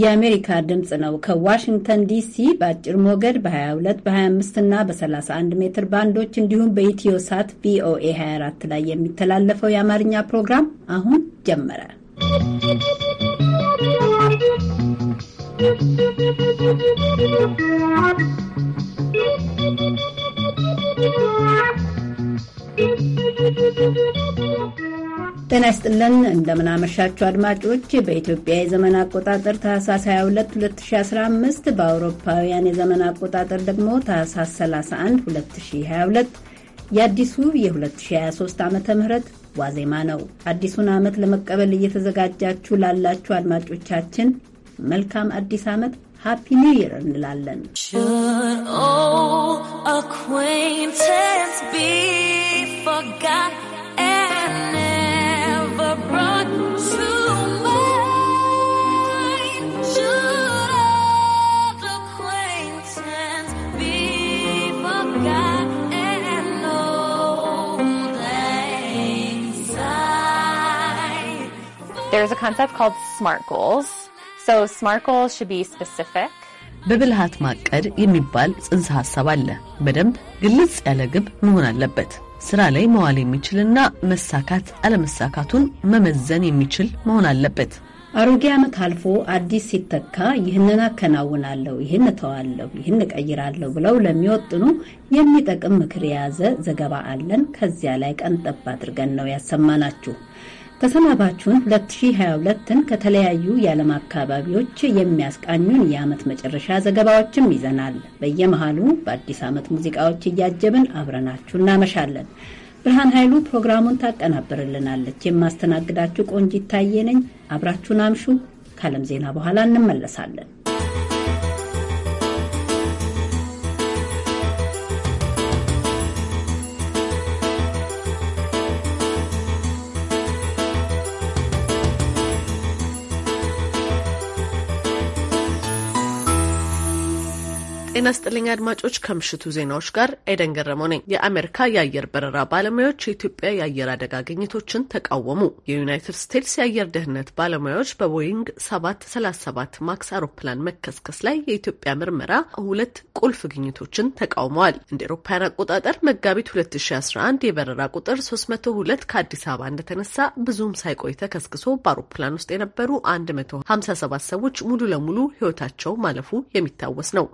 የአሜሪካ ድምፅ ነው። ከዋሽንግተን ዲሲ በአጭር ሞገድ በ22 በ25 እና በ31 ሜትር ባንዶች እንዲሁም በኢትዮ ሳት ቪኦኤ 24 ላይ የሚተላለፈው የአማርኛ ፕሮግራም አሁን ጀመረ። ¶¶ ጤና ይስጥልን እንደምናመሻችሁ አድማጮች። በኢትዮጵያ የዘመን አቆጣጠር ታህሳስ 22 2015 በአውሮፓውያን የዘመን አቆጣጠር ደግሞ ታህሳስ 31 2022 የአዲሱ የ2023 ዓ ም ዋዜማ ነው። አዲሱን ዓመት ለመቀበል እየተዘጋጃችሁ ላላችሁ አድማጮቻችን መልካም አዲስ ዓመት ሃፒ ኒው ይር እንላለን። Should There's a concept called SMART goals. So SMART goals should be specific. በብልሃት ማቀድ የሚባል ጽንሰ ሐሳብ አለ። በደንብ ግልጽ ያለ ግብ መሆን አለበት። ስራ ላይ መዋል የሚችልና መሳካት አለመሳካቱን መመዘን የሚችል መሆን አለበት። አሮጌ ዓመት አልፎ አዲስ ሲተካ ይህንን አከናውናለሁ፣ ይህን እተዋለሁ፣ ይህን እቀይራለሁ ብለው ለሚወጥኑ የሚጠቅም ምክር የያዘ ዘገባ አለን። ከዚያ ላይ ቀንጠብ አድርገን ነው ያሰማናችሁ። ተሰናባቹን 2022ን ከተለያዩ የዓለም አካባቢዎች የሚያስቃኙን የዓመት መጨረሻ ዘገባዎችም ይዘናል። በየመሃሉ በአዲስ ዓመት ሙዚቃዎች እያጀብን አብረናችሁ እናመሻለን። ብርሃን ኃይሉ ፕሮግራሙን ታቀናብርልናለች። የማስተናግዳችሁ ቆንጂት ታዬ ነኝ። አብራችሁን አምሹ። ከዓለም ዜና በኋላ እንመለሳለን። ጤና ስጥልኝ አድማጮች፣ ከምሽቱ ዜናዎች ጋር ኤደን ገረመ ነኝ። የአሜሪካ የአየር በረራ ባለሙያዎች የኢትዮጵያ የአየር አደጋ ግኝቶችን ተቃወሙ። የዩናይትድ ስቴትስ የአየር ደህንነት ባለሙያዎች በቦይንግ 737 ማክስ አውሮፕላን መከስከስ ላይ የኢትዮጵያ ምርመራ ሁለት ቁልፍ ግኝቶችን ተቃውመዋል። እንደ ኤሮፓያን አቆጣጠር መጋቢት 2011 የበረራ ቁጥር 302 ከአዲስ አበባ እንደተነሳ ብዙም ሳይቆይ ተከስክሶ በአውሮፕላን ውስጥ የነበሩ 157 ሰዎች ሙሉ ለሙሉ ሕይወታቸው ማለፉ የሚታወስ ነው።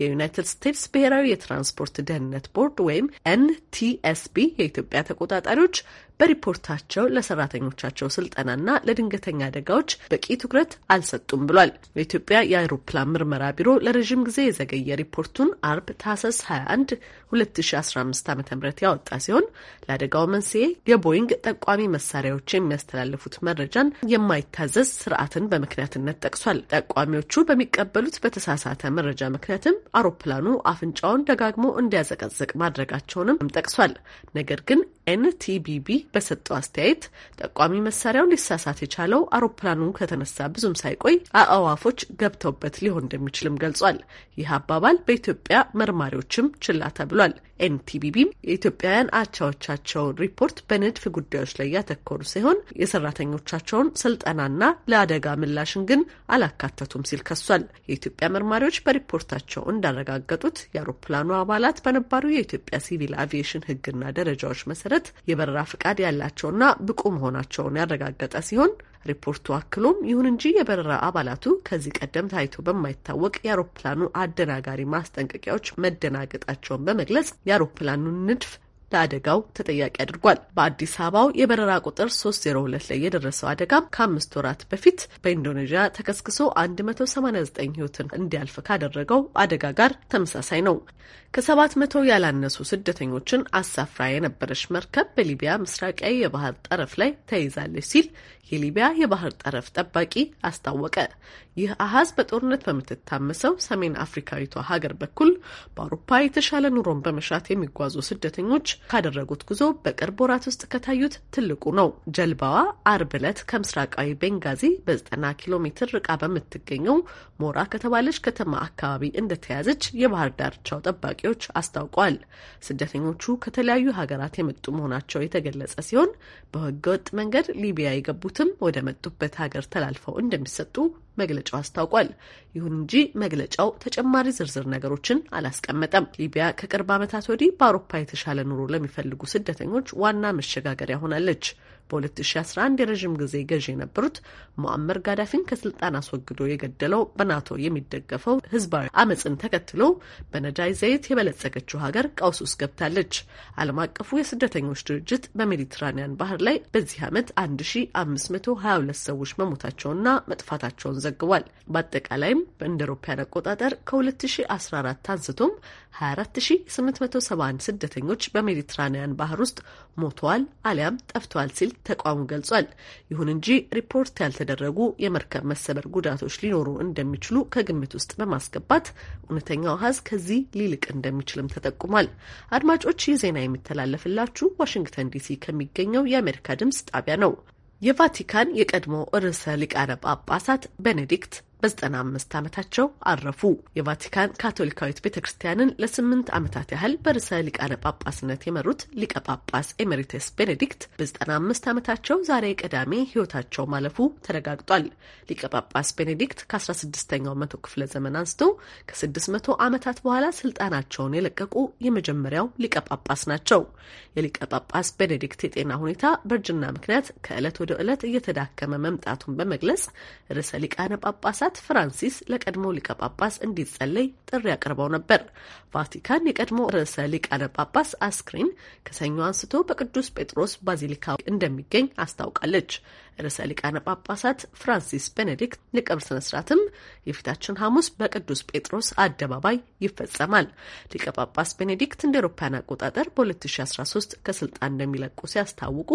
የዩናይትድ ስቴትስ ብሔራዊ የትራንስፖርት ደህንነት ቦርድ ወይም ኤንቲኤስቢ የኢትዮጵያ ተቆጣጣሪዎች በሪፖርታቸው ለሰራተኞቻቸው ስልጠናና ለድንገተኛ አደጋዎች በቂ ትኩረት አልሰጡም ብሏል። በኢትዮጵያ የአውሮፕላን ምርመራ ቢሮ ለረዥም ጊዜ የዘገየ ሪፖርቱን አርብ ታህሳስ 21 2015 ዓ ም ያወጣ ሲሆን ለአደጋው መንስኤ የቦይንግ ጠቋሚ መሳሪያዎች የሚያስተላልፉት መረጃን የማይታዘዝ ስርዓትን በምክንያትነት ጠቅሷል። ጠቋሚዎቹ በሚቀበሉት በተሳሳተ መረጃ ምክንያትም አውሮፕላኑ አፍንጫውን ደጋግሞ እንዲያዘቀዝቅ ማድረጋቸውንም ጠቅሷል። ነገር ግን ኤንቲቢቢ በሰጠው አስተያየት ጠቋሚ መሳሪያው ሊሳሳት የቻለው አውሮፕላኑ ከተነሳ ብዙም ሳይቆይ አእዋፎች ገብተውበት ሊሆን እንደሚችልም ገልጿል። ይህ አባባል በኢትዮጵያ መርማሪዎችም ችላ ተብሏል። ኤንቲቢቢም የኢትዮጵያውያን አቻዎቻቸውን ሪፖርት በንድፍ ጉዳዮች ላይ ያተኮሩ ሲሆን የሰራተኞቻቸውን ስልጠናና ለአደጋ ምላሽን ግን አላካተቱም ሲል ከሷል። የኢትዮጵያ መርማሪዎች በሪፖርታቸው እንዳረጋገጡት የአውሮፕላኑ አባላት በነባሩ የኢትዮጵያ ሲቪል አቪዬሽን ሕግና ደረጃዎች መሰረት የበረራ ፍቃድ ፈቃድ ያላቸውና ብቁ መሆናቸውን ያረጋገጠ ሲሆን ሪፖርቱ አክሎም ይሁን እንጂ የበረራ አባላቱ ከዚህ ቀደም ታይቶ በማይታወቅ የአውሮፕላኑ አደናጋሪ ማስጠንቀቂያዎች መደናገጣቸውን በመግለጽ የአውሮፕላኑን ንድፍ ለአደጋው ተጠያቂ አድርጓል። በአዲስ አበባው የበረራ ቁጥር 302 ላይ የደረሰው አደጋም ከአምስት ወራት በፊት በኢንዶኔዥያ ተከስክሶ 189 ሕይወትን እንዲያልፍ ካደረገው አደጋ ጋር ተመሳሳይ ነው። ከሰባት መቶ ያላነሱ ስደተኞችን አሳፍራ የነበረች መርከብ በሊቢያ ምስራቃዊ የባህር ጠረፍ ላይ ተይዛለች ሲል የሊቢያ የባህር ጠረፍ ጠባቂ አስታወቀ። ይህ አሀዝ በጦርነት በምትታመሰው ሰሜን አፍሪካዊቷ ሀገር በኩል በአውሮፓ የተሻለ ኑሮን በመሻት የሚጓዙ ስደተኞች ካደረጉት ጉዞ በቅርብ ወራት ውስጥ ከታዩት ትልቁ ነው። ጀልባዋ አርብ ዕለት ከምስራቃዊ ቤንጋዚ በ90 ኪሎ ሜትር ርቃ በምትገኘው ሞራ ከተባለች ከተማ አካባቢ እንደተያዘች የባህር ዳርቻው ጠባቂዎች አስታውቀዋል። ስደተኞቹ ከተለያዩ ሀገራት የመጡ መሆናቸው የተገለጸ ሲሆን በህገወጥ መንገድ ሊቢያ የገቡት የሆኑትም ወደ መጡበት ሀገር ተላልፈው እንደሚሰጡ መግለጫው አስታውቋል። ይሁን እንጂ መግለጫው ተጨማሪ ዝርዝር ነገሮችን አላስቀመጠም። ሊቢያ ከቅርብ ዓመታት ወዲህ በአውሮፓ የተሻለ ኑሮ ለሚፈልጉ ስደተኞች ዋና መሸጋገሪያ ሆናለች። በ2011 የረዥም ጊዜ ገዥ የነበሩት ሙአመር ጋዳፊን ከስልጣን አስወግዶ የገደለው በናቶ የሚደገፈው ህዝባዊ አመፅን ተከትሎ በነዳጅ ዘይት የበለጸገችው ሀገር ቀውስ ውስጥ ገብታለች። ዓለም አቀፉ የስደተኞች ድርጅት በሜዲትራኒያን ባህር ላይ በዚህ ዓመት 1522 ሰዎች መሞታቸውንና መጥፋታቸውን ዘግቧል። በአጠቃላይም በእንደ አውሮፓውያን አቆጣጠር ከ2014 አንስቶም 24871 ስደተኞች በሜዲትራንያን ባህር ውስጥ ሞተዋል አሊያም ጠፍተዋል ሲል ተቋሙ ገልጿል። ይሁን እንጂ ሪፖርት ያልተደረጉ የመርከብ መሰበር ጉዳቶች ሊኖሩ እንደሚችሉ ከግምት ውስጥ በማስገባት እውነተኛው አሃዝ ከዚህ ሊልቅ እንደሚችልም ተጠቁሟል። አድማጮች ይህ ዜና የሚተላለፍላችሁ ዋሽንግተን ዲሲ ከሚገኘው የአሜሪካ ድምጽ ጣቢያ ነው። የቫቲካን የቀድሞ ርዕሰ ሊቃነ ጳጳሳት ቤኔዲክት በ95 ዓመታቸው አረፉ። የቫቲካን ካቶሊካዊት ቤተ ክርስቲያንን ለስምንት ዓመታት ያህል በርዕሰ ሊቃነ ጳጳስነት የመሩት ሊቀ ጳጳስ ኤሜሪተስ ቤኔዲክት በ95 ዓመታቸው ዛሬ ቅዳሜ ሕይወታቸው ማለፉ ተረጋግጧል። ሊቀ ጳጳስ ቤኔዲክት ከ16ኛው መቶ ክፍለ ዘመን አንስቶ ከ600 ዓመታት በኋላ ስልጣናቸውን የለቀቁ የመጀመሪያው ሊቀ ጳጳስ ናቸው። የሊቀ ጳጳስ ቤኔዲክት የጤና ሁኔታ በእርጅና ምክንያት ከዕለት ወደ ዕለት እየተዳከመ መምጣቱን በመግለጽ ርዕሰ ሊቃነ ጳጳሳት ዓመታት ፍራንሲስ ለቀድሞ ሊቀ ጳጳስ እንዲጸለይ ጥሪ አቅርበው ነበር። ቫቲካን የቀድሞ ርዕሰ ሊቃነ ጳጳስ አስክሪን ከሰኞ አንስቶ በቅዱስ ጴጥሮስ ባዚሊካ እንደሚገኝ አስታውቃለች። ርዕሰ ሊቃነ ጳጳሳት ፍራንሲስ ቤኔዲክት የቀብር ስነ ስርዓትም የፊታችን ሐሙስ በቅዱስ ጴጥሮስ አደባባይ ይፈጸማል። ሊቀ ጳጳስ ቤኔዲክት እንደ ኤሮፓያን አቆጣጠር በ2013 ከስልጣን እንደሚለቁ ሲያስታውቁ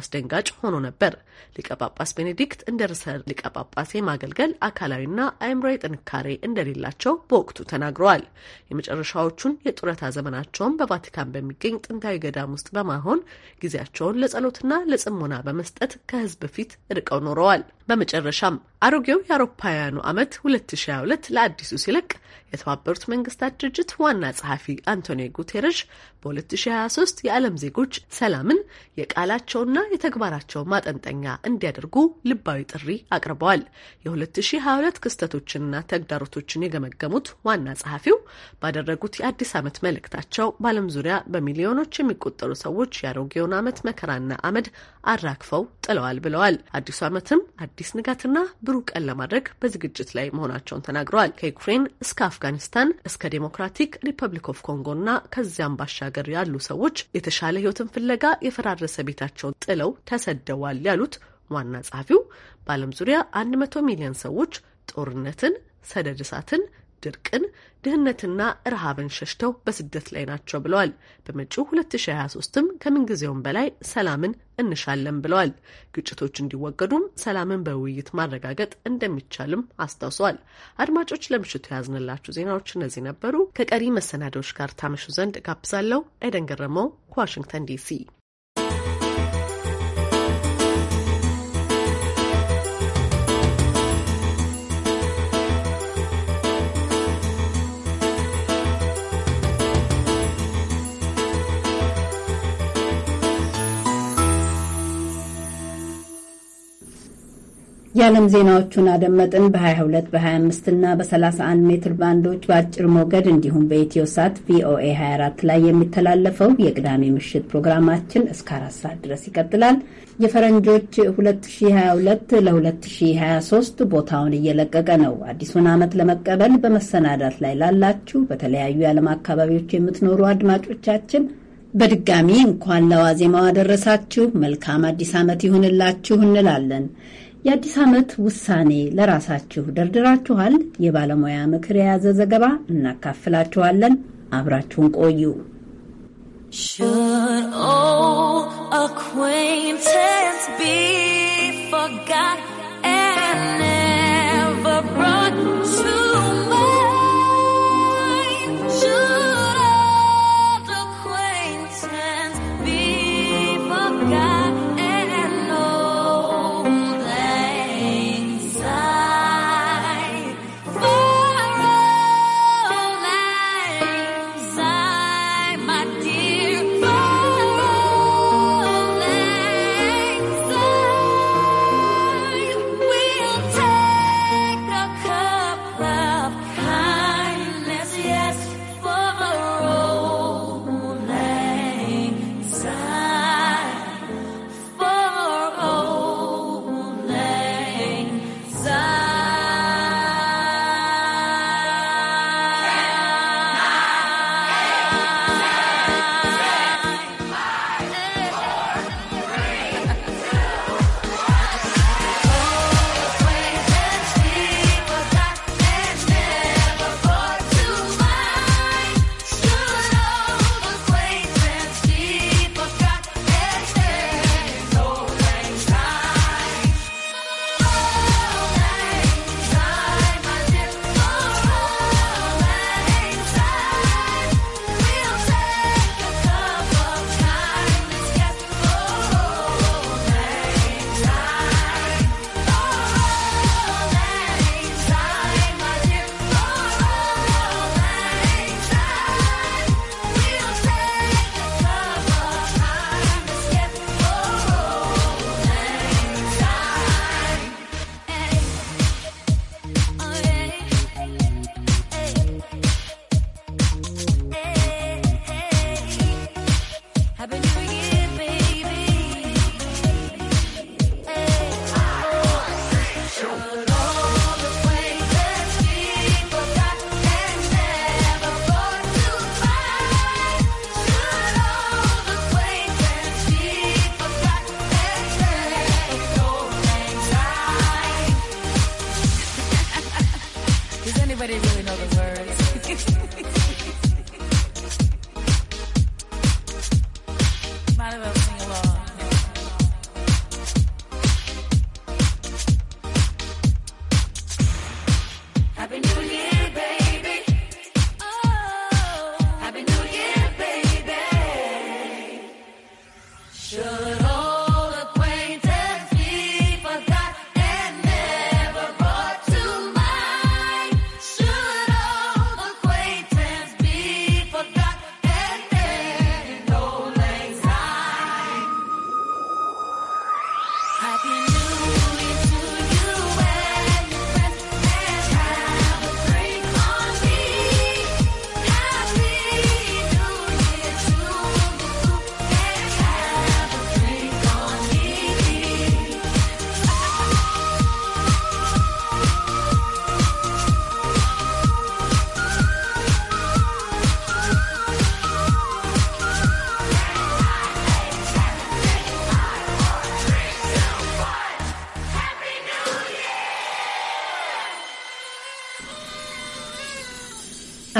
አስደንጋጭ ሆኖ ነበር። ሊቀ ጳጳስ ቤኔዲክት እንደ ርዕሰ ሊቀ ጳጳስ የማገልገል አካላዊና አእምሯዊ ጥንካሬ እንደሌላቸው በወቅቱ ተናግረዋል። የመጨረሻዎቹን የጡረታ ዘመናቸውን በቫቲካን በሚገኝ ጥንታዊ ገዳም ውስጥ በማሆን ጊዜያቸውን ለጸሎትና ለጽሞና በመስጠት ከህዝብ ፊት በፊት ርቀው ኖረዋል። በመጨረሻም አሮጌው የአውሮፓውያኑ ዓመት 2022 ለአዲሱ ሲለቅ የተባበሩት መንግስታት ድርጅት ዋና ጸሐፊ አንቶኒዮ ጉቴረሽ በ2023 የዓለም ዜጎች ሰላምን የቃላቸውና የተግባራቸው ማጠንጠኛ እንዲያደርጉ ልባዊ ጥሪ አቅርበዋል። የ2022 ክስተቶችንና ተግዳሮቶችን የገመገሙት ዋና ጸሐፊው ባደረጉት የአዲስ ዓመት መልእክታቸው በዓለም ዙሪያ በሚሊዮኖች የሚቆጠሩ ሰዎች የአሮጌውን ዓመት መከራና አመድ አራግፈው ጥለዋል ብለዋል። አዲሱ ዓመትም አዲስ ንጋትና ብሩህ ቀን ለማድረግ በዝግጅት ላይ መሆናቸውን ተናግረዋል። ከዩክሬን እስከ አፍጋኒስታን እስከ ዴሞክራቲክ ሪፐብሊክ ኦፍ ኮንጎና ከዚያም ባሻገር ያሉ ሰዎች የተሻለ ሕይወትን ፍለጋ የፈራረሰ ቤታቸውን ጥለው ተሰደዋል ያሉት ዋና ጸሐፊው በዓለም ዙሪያ 100 ሚሊዮን ሰዎች ጦርነትን፣ ሰደድ እሳትን ድርቅን፣ ድህነትና ረሃብን ሸሽተው በስደት ላይ ናቸው ብለዋል። በመጪው 2023ም ከምንጊዜውም በላይ ሰላምን እንሻለን ብለዋል። ግጭቶች እንዲወገዱም ሰላምን በውይይት ማረጋገጥ እንደሚቻልም አስታውሰዋል። አድማጮች፣ ለምሽቱ የያዝንላችሁ ዜናዎች እነዚህ ነበሩ። ከቀሪ መሰናዶዎች ጋር ታመሹ ዘንድ ጋብዛለሁ። ኤደን ገረመው ከዋሽንግተን ዲሲ የዓለም ዜናዎቹን አደመጥን። በ22 በ25 እና በ31 ሜትር ባንዶች በአጭር ሞገድ እንዲሁም በኢትዮ ሳት ቪኦኤ 24 ላይ የሚተላለፈው የቅዳሜ ምሽት ፕሮግራማችን እስከ 4 ሰዓት ድረስ ይቀጥላል። የፈረንጆች 2022 ለ2023 ቦታውን እየለቀቀ ነው። አዲሱን ዓመት ለመቀበል በመሰናዳት ላይ ላላችሁ በተለያዩ የዓለም አካባቢዎች የምትኖሩ አድማጮቻችን በድጋሚ እንኳን ለዋዜማው አደረሳችሁ፣ መልካም አዲስ ዓመት ይሁንላችሁ እንላለን። የአዲስ ዓመት ውሳኔ ለራሳችሁ ደርድራችኋል? የባለሙያ ምክር የያዘ ዘገባ እናካፍላችኋለን። አብራችሁን ቆዩ። Should old acquaintance be forgotten?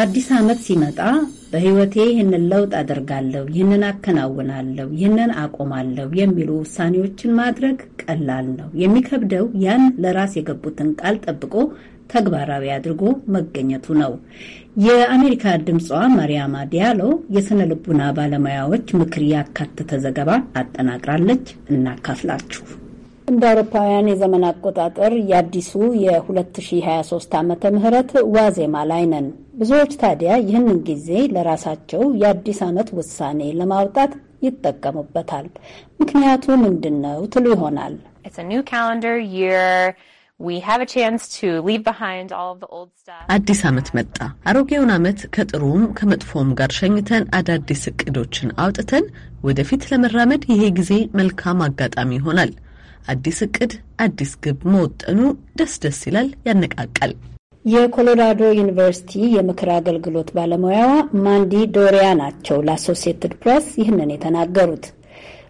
አዲስ ዓመት ሲመጣ በሕይወቴ ይህንን ለውጥ አደርጋለሁ፣ ይህንን አከናውናለሁ፣ ይህንን አቆማለሁ የሚሉ ውሳኔዎችን ማድረግ ቀላል ነው። የሚከብደው ያን ለራስ የገቡትን ቃል ጠብቆ ተግባራዊ አድርጎ መገኘቱ ነው። የአሜሪካ ድምጿ ማርያማ ዲያሎ የሥነ ልቡና ባለሙያዎች ምክር ያካተተ ዘገባ አጠናቅራለች። እናካፍላችሁ። እንደ አውሮፓውያን የዘመን አቆጣጠር የአዲሱ የ2023 ዓመተ ምህረት ዋዜማ ላይ ነን። ብዙዎች ታዲያ ይህንን ጊዜ ለራሳቸው የአዲስ ዓመት ውሳኔ ለማውጣት ይጠቀሙበታል። ምክንያቱ ምንድን ነው ትሉ ይሆናል። አዲስ ዓመት መጣ። አሮጌውን ዓመት ከጥሩም ከመጥፎም ጋር ሸኝተን አዳዲስ እቅዶችን አውጥተን ወደፊት ለመራመድ ይሄ ጊዜ መልካም አጋጣሚ ይሆናል። አዲስ እቅድ፣ አዲስ ግብ መወጠኑ ደስ ደስ ይላል፣ ያነቃቃል። የኮሎራዶ ዩኒቨርሲቲ የምክር አገልግሎት ባለሙያዋ ማንዲ ዶሪያ ናቸው ለአሶሲየትድ ፕሬስ ይህንን የተናገሩት።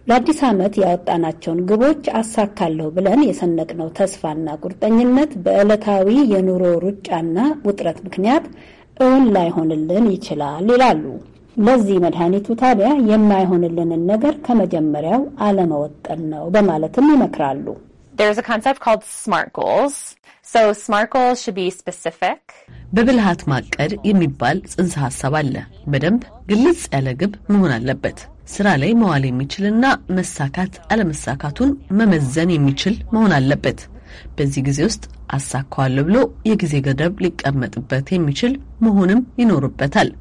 ለአዲስ ዓመት ያወጣናቸውን ግቦች አሳካለሁ ብለን የሰነቅነው ተስፋና ቁርጠኝነት በዕለታዊ የኑሮ ሩጫና ውጥረት ምክንያት እውን ላይሆንልን ይችላል ይላሉ። ለዚህ መድኃኒቱ ታዲያ የማይሆንልንን ነገር ከመጀመሪያው አለመወጠን ነው በማለትም ይመክራሉ። በብልሃት ማቀድ የሚባል ጽንሰ ሀሳብ አለ። በደንብ ግልጽ ያለ ግብ መሆን አለበት። ስራ ላይ መዋል የሚችልና መሳካት አለመሳካቱን መመዘን የሚችል መሆን አለበት። በዚህ ጊዜ ውስጥ አሳካዋለሁ ብሎ የጊዜ ገደብ ሊቀመጥበት የሚችል መሆንም ይኖርበታል።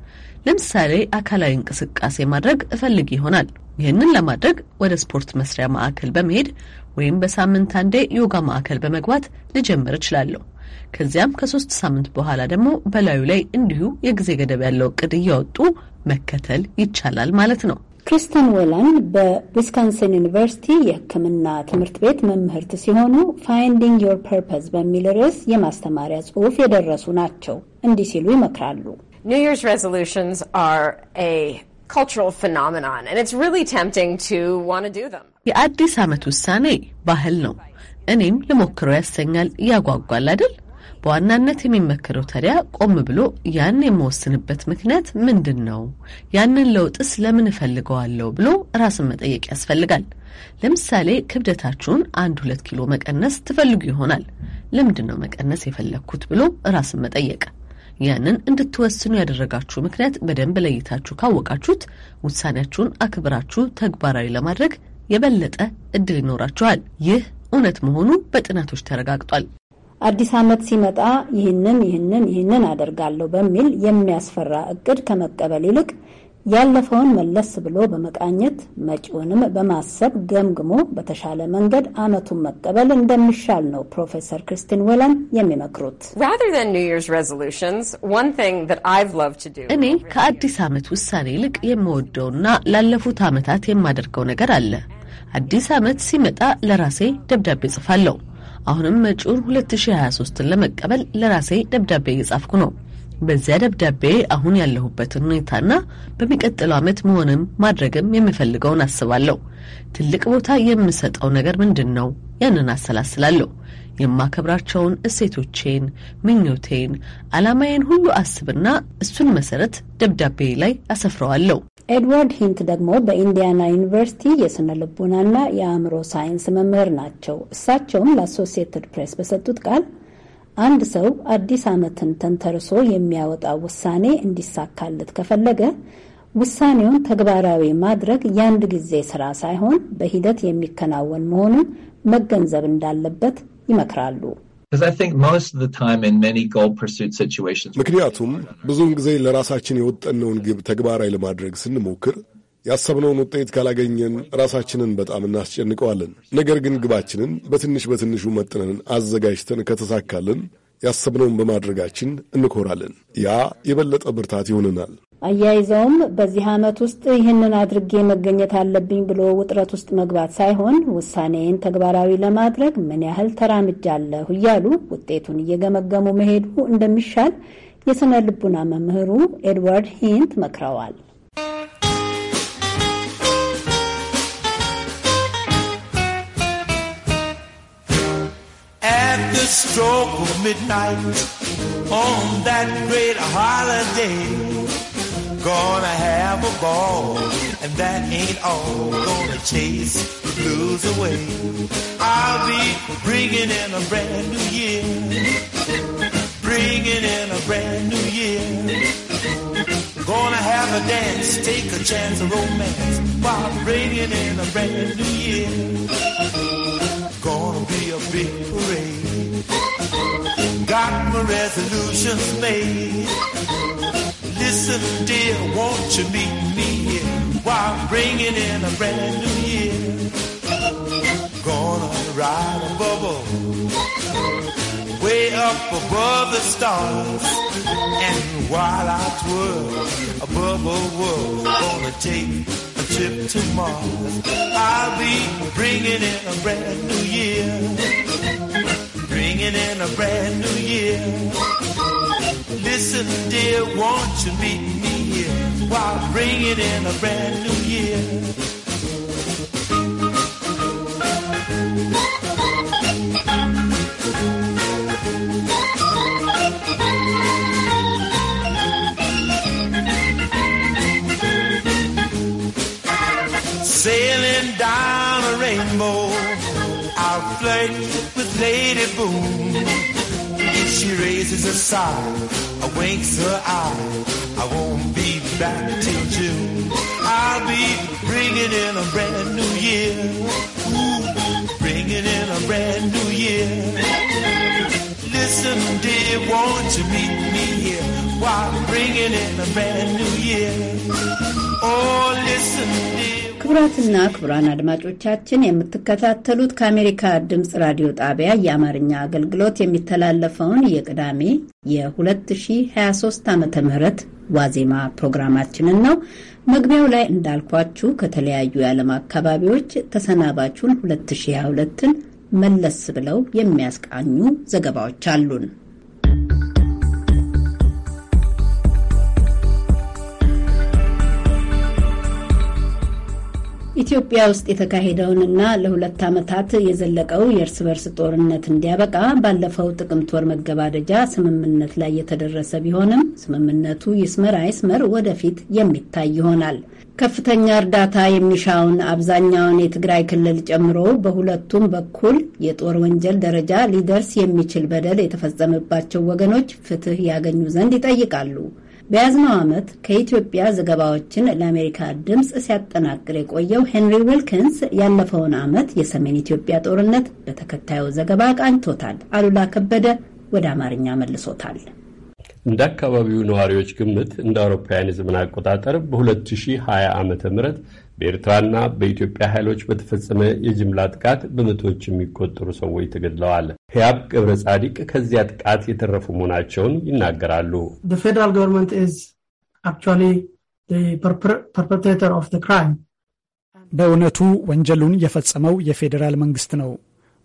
ለምሳሌ አካላዊ እንቅስቃሴ ማድረግ እፈልግ ይሆናል። ይህንን ለማድረግ ወደ ስፖርት መስሪያ ማዕከል በመሄድ ወይም በሳምንት አንዴ ዮጋ ማዕከል በመግባት ልጀምር እችላለሁ። ከዚያም ከሶስት ሳምንት በኋላ ደግሞ በላዩ ላይ እንዲሁ የጊዜ ገደብ ያለው እቅድ እያወጡ መከተል ይቻላል ማለት ነው። ክሪስትን ዌላን በዊስካንሰን ዩኒቨርሲቲ የሕክምና ትምህርት ቤት መምህርት ሲሆኑ ፋይንዲንግ ዮር ፐርፐዝ በሚል ርዕስ የማስተማሪያ ጽሑፍ የደረሱ ናቸው። እንዲህ ሲሉ ይመክራሉ። New Year's resolutions are a cultural phenomenon, and it's really tempting to want to do them. የአዲስ ዓመት ውሳኔ ባህል ነው። እኔም ልሞክረው ያሰኛል፣ ያጓጓል አይደል? በዋናነት የሚመከረው ታዲያ ቆም ብሎ ያን የምወስንበት ምክንያት ምንድን ነው? ያንን ለውጥስ ለምን እፈልገዋለሁ ብሎ ራስን መጠየቅ ያስፈልጋል። ለምሳሌ ክብደታችሁን አንድ ሁለት ኪሎ መቀነስ ትፈልጉ ይሆናል። ለምንድን ነው መቀነስ የፈለግኩት ብሎ ራስን መጠየቅ ያንን እንድትወስኑ ያደረጋችሁ ምክንያት በደንብ ለይታችሁ ካወቃችሁት ውሳኔያችሁን አክብራችሁ ተግባራዊ ለማድረግ የበለጠ እድል ይኖራችኋል። ይህ እውነት መሆኑ በጥናቶች ተረጋግጧል። አዲስ ዓመት ሲመጣ ይህንን ይህንን ይህንን አደርጋለሁ በሚል የሚያስፈራ እቅድ ከመቀበል ይልቅ ያለፈውን መለስ ብሎ በመቃኘት መጪውንም በማሰብ ገምግሞ በተሻለ መንገድ አመቱን መቀበል እንደሚሻል ነው ፕሮፌሰር ክርስቲን ወለን የሚመክሩት። እኔ ከአዲስ ዓመት ውሳኔ ይልቅ የምወደውና ላለፉት ዓመታት የማደርገው ነገር አለ። አዲስ ዓመት ሲመጣ ለራሴ ደብዳቤ ጽፋለሁ። አሁንም መጪውን 2023ን ለመቀበል ለራሴ ደብዳቤ እየጻፍኩ ነው። በዚያ ደብዳቤ አሁን ያለሁበትን ሁኔታና በሚቀጥለው ዓመት መሆንም ማድረግም የምፈልገውን አስባለሁ። ትልቅ ቦታ የምሰጠው ነገር ምንድን ነው? ያንን አሰላስላለሁ። የማከብራቸውን እሴቶቼን፣ ምኞቴን፣ ዓላማዬን ሁሉ አስብና እሱን መሰረት ደብዳቤ ላይ አሰፍረዋለሁ። ኤድዋርድ ሂንት ደግሞ በኢንዲያና ዩኒቨርሲቲ የስነ ልቡናና የአእምሮ ሳይንስ መምህር ናቸው። እሳቸውም ለአሶሲየትድ ፕሬስ በሰጡት ቃል አንድ ሰው አዲስ ዓመትን ተንተርሶ የሚያወጣ ውሳኔ እንዲሳካለት ከፈለገ ውሳኔውን ተግባራዊ ማድረግ የአንድ ጊዜ ስራ ሳይሆን በሂደት የሚከናወን መሆኑን መገንዘብ እንዳለበት ይመክራሉ። ምክንያቱም ብዙውን ጊዜ ለራሳችን የወጠነውን ግብ ተግባራዊ ለማድረግ ስንሞክር ያሰብነውን ውጤት ካላገኘን ራሳችንን በጣም እናስጨንቀዋለን። ነገር ግን ግባችንን በትንሽ በትንሹ መጥነን አዘጋጅተን ከተሳካልን ያሰብነውን በማድረጋችን እንኮራለን። ያ የበለጠ ብርታት ይሆንናል። አያይዘውም በዚህ ዓመት ውስጥ ይህንን አድርጌ መገኘት አለብኝ ብሎ ውጥረት ውስጥ መግባት ሳይሆን ውሳኔን ተግባራዊ ለማድረግ ምን ያህል ተራምጃለሁ እያሉ ውጤቱን እየገመገሙ መሄዱ እንደሚሻል የሥነ ልቡና መምህሩ ኤድዋርድ ሂንት መክረዋል። the stroke of midnight on that great holiday. Gonna have a ball, and that ain't all. Gonna chase the blues away. I'll be bringing in a brand new year. Bringing in a brand new year. Gonna have a dance, take a chance of romance while bringing in a brand new year. Gonna be a big parade. Got my resolutions made. Listen, dear, won't you meet me while bringing in a brand new year? Gonna ride a bubble way up above the stars, and while I twirl a bubble world, gonna take a trip to Mars. I'll be bringing in a brand new year bringing in a brand new year. Listen, dear, won't you meet me here while bringing in a brand new year? Sailing down a rainbow, I'll flirt Lady Boom. She raises a sigh, I winks her eye. I won't be back till June. I'll be bringing in a brand new year. Ooh, bringing in a brand new year. Listen, dear, won't you meet me here? While bringing in a brand new year. Oh, listen, dear. ክቡራትና ክቡራን አድማጮቻችን የምትከታተሉት ከአሜሪካ ድምፅ ራዲዮ ጣቢያ የአማርኛ አገልግሎት የሚተላለፈውን የቅዳሜ የ2023 ዓ ም ዋዜማ ፕሮግራማችንን ነው። መግቢያው ላይ እንዳልኳችሁ ከተለያዩ የዓለም አካባቢዎች ተሰናባቹን 2022ን መለስ ብለው የሚያስቃኙ ዘገባዎች አሉን። ኢትዮጵያ ውስጥ የተካሄደውንና ለሁለት ዓመታት የዘለቀው የእርስ በርስ ጦርነት እንዲያበቃ ባለፈው ጥቅምት ወር መገባደጃ ስምምነት ላይ የተደረሰ ቢሆንም ስምምነቱ ይስመር አይስመር ወደፊት የሚታይ ይሆናል። ከፍተኛ እርዳታ የሚሻውን አብዛኛውን የትግራይ ክልል ጨምሮ በሁለቱም በኩል የጦር ወንጀል ደረጃ ሊደርስ የሚችል በደል የተፈጸመባቸው ወገኖች ፍትህ ያገኙ ዘንድ ይጠይቃሉ። በያዝነው ዓመት ከኢትዮጵያ ዘገባዎችን ለአሜሪካ ድምፅ ሲያጠናቅር የቆየው ሄንሪ ዊልኪንስ ያለፈውን ዓመት የሰሜን ኢትዮጵያ ጦርነት በተከታዩ ዘገባ ቃኝቶታል። አሉላ ከበደ ወደ አማርኛ መልሶታል። እንደ አካባቢው ነዋሪዎች ግምት እንደ አውሮፓውያን የዘመን አቆጣጠር በ2020 ዓ ም በኤርትራና በኢትዮጵያ ኃይሎች በተፈጸመ የጅምላ ጥቃት በመቶዎች የሚቆጠሩ ሰዎች ተገድለዋል። ሕያብ ገብረ ጻዲቅ ከዚያ ጥቃት የተረፉ መሆናቸውን ይናገራሉ። ፌደራል ገቨርንመንት ኢዝ አክቹዋሊ ፐርፐትሬተር ኦፍ ክራይም። በእውነቱ ወንጀሉን የፈጸመው የፌዴራል መንግስት ነው።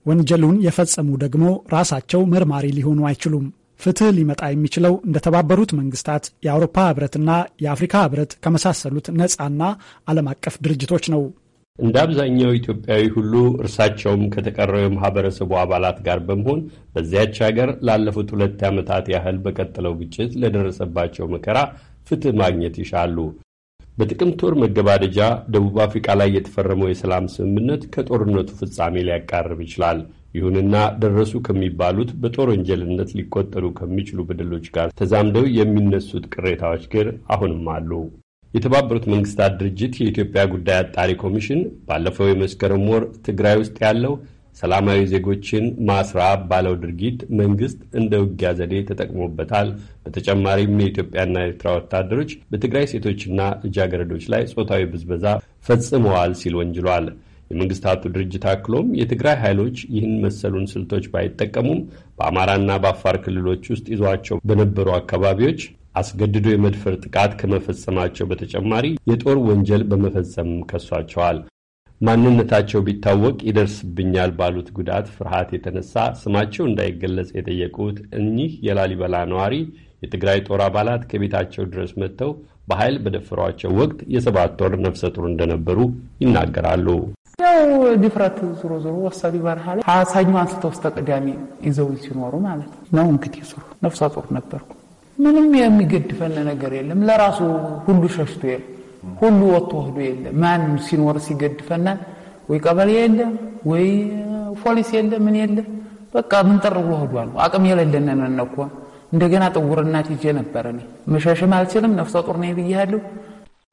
ወንጀሉን የፈጸሙ ደግሞ ራሳቸው መርማሪ ሊሆኑ አይችሉም። ፍትህ ሊመጣ የሚችለው እንደተባበሩት መንግስታት፣ የአውሮፓ ህብረትና የአፍሪካ ህብረት ከመሳሰሉት ነፃና ዓለም አቀፍ ድርጅቶች ነው። እንደ አብዛኛው ኢትዮጵያዊ ሁሉ እርሳቸውም ከተቀረው የማህበረሰቡ አባላት ጋር በመሆን በዚያች ሀገር ላለፉት ሁለት ዓመታት ያህል በቀጠለው ግጭት ለደረሰባቸው መከራ ፍትህ ማግኘት ይሻሉ። በጥቅምት ወር መገባደጃ ደቡብ አፍሪካ ላይ የተፈረመው የሰላም ስምምነት ከጦርነቱ ፍጻሜ ሊያቃርብ ይችላል። ይሁንና ደረሱ ከሚባሉት በጦር ወንጀልነት ሊቆጠሩ ከሚችሉ በደሎች ጋር ተዛምደው የሚነሱት ቅሬታዎች ግን አሁንም አሉ። የተባበሩት መንግስታት ድርጅት የኢትዮጵያ ጉዳይ አጣሪ ኮሚሽን ባለፈው የመስከረም ወር ትግራይ ውስጥ ያለው ሰላማዊ ዜጎችን ማስራብ ባለው ድርጊት መንግስት እንደ ውጊያ ዘዴ ተጠቅሞበታል፣ በተጨማሪም የኢትዮጵያና ኤርትራ ወታደሮች በትግራይ ሴቶችና ልጃገረዶች ላይ ጾታዊ ብዝበዛ ፈጽመዋል ሲል ወንጅሏል። የመንግስታቱ ድርጅት አክሎም የትግራይ ኃይሎች ይህን መሰሉን ስልቶች ባይጠቀሙም በአማራና በአፋር ክልሎች ውስጥ ይዟቸው በነበሩ አካባቢዎች አስገድዶ የመድፈር ጥቃት ከመፈጸማቸው በተጨማሪ የጦር ወንጀል በመፈጸም ከሷቸዋል። ማንነታቸው ቢታወቅ ይደርስብኛል ባሉት ጉዳት ፍርሃት የተነሳ ስማቸው እንዳይገለጽ የጠየቁት እኚህ የላሊበላ ነዋሪ የትግራይ ጦር አባላት ከቤታቸው ድረስ መጥተው በኃይል በደፈሯቸው ወቅት የሰባት ወር ነፍሰ ጡር እንደነበሩ ይናገራሉ። ያው ድፍረት ዞሮ ዞሮ ወሳቢ በረሃ ላይ ሀሳኙ አንስተ ውስጥ ቅዳሜ ይዘው ሲኖሩ ማለት ነው። እንግዲህ ዙሩ ነፍሰ ጡር ነበርኩ። ምንም የሚገድፈን ነገር የለም። ለራሱ ሁሉ ሸሽቶ የለ ሁሉ ወጥቶ ወህዶ የለ ማን ሲኖር ሲገድፈና ወይ ቀበሌ የለ ወይ ፖሊስ የለ ምን የለ በቃ ምን ጠር ብሎ ወህዷል። አቅም የሌለንን እኮ እንደገና ጥውርናት ትጄ ነበረ እኔ መሸሽም አልችልም። ነፍሰ ጡር ነኝ ብያለሁ።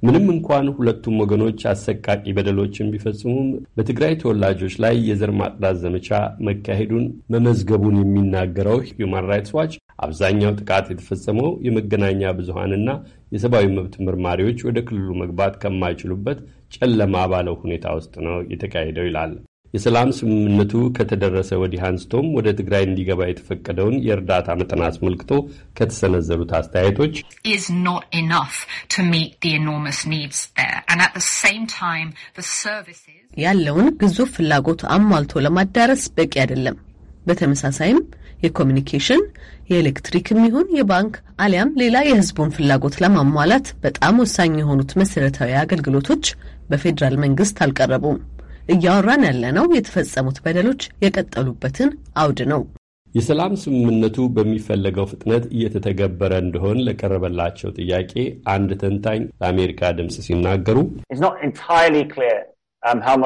ምንም እንኳን ሁለቱም ወገኖች አሰቃቂ በደሎችን ቢፈጽሙም በትግራይ ተወላጆች ላይ የዘር ማጥዳት ዘመቻ መካሄዱን መመዝገቡን የሚናገረው ሂውማን ራይትስ ዋች አብዛኛው ጥቃት የተፈጸመው የመገናኛ ብዙሀንና የሰብአዊ መብት መርማሪዎች ወደ ክልሉ መግባት ከማይችሉበት ጨለማ ባለው ሁኔታ ውስጥ ነው የተካሄደው ይላል። የሰላም ስምምነቱ ከተደረሰ ወዲህ አንስቶም ወደ ትግራይ እንዲገባ የተፈቀደውን የእርዳታ መጠን አስመልክቶ ከተሰነዘሩት አስተያየቶች ያለውን ግዙፍ ፍላጎት አሟልቶ ለማዳረስ በቂ አይደለም። በተመሳሳይም የኮሚኒኬሽን የኤሌክትሪክም ይሁን የባንክ አሊያም ሌላ የሕዝቡን ፍላጎት ለማሟላት በጣም ወሳኝ የሆኑት መሰረታዊ አገልግሎቶች በፌዴራል መንግስት አልቀረቡም። እያወራን ያለነው የተፈጸሙት በደሎች የቀጠሉበትን አውድ ነው። የሰላም ስምምነቱ በሚፈለገው ፍጥነት እየተተገበረ እንደሆን ለቀረበላቸው ጥያቄ አንድ ተንታኝ ለአሜሪካ ድምፅ ሲናገሩ um,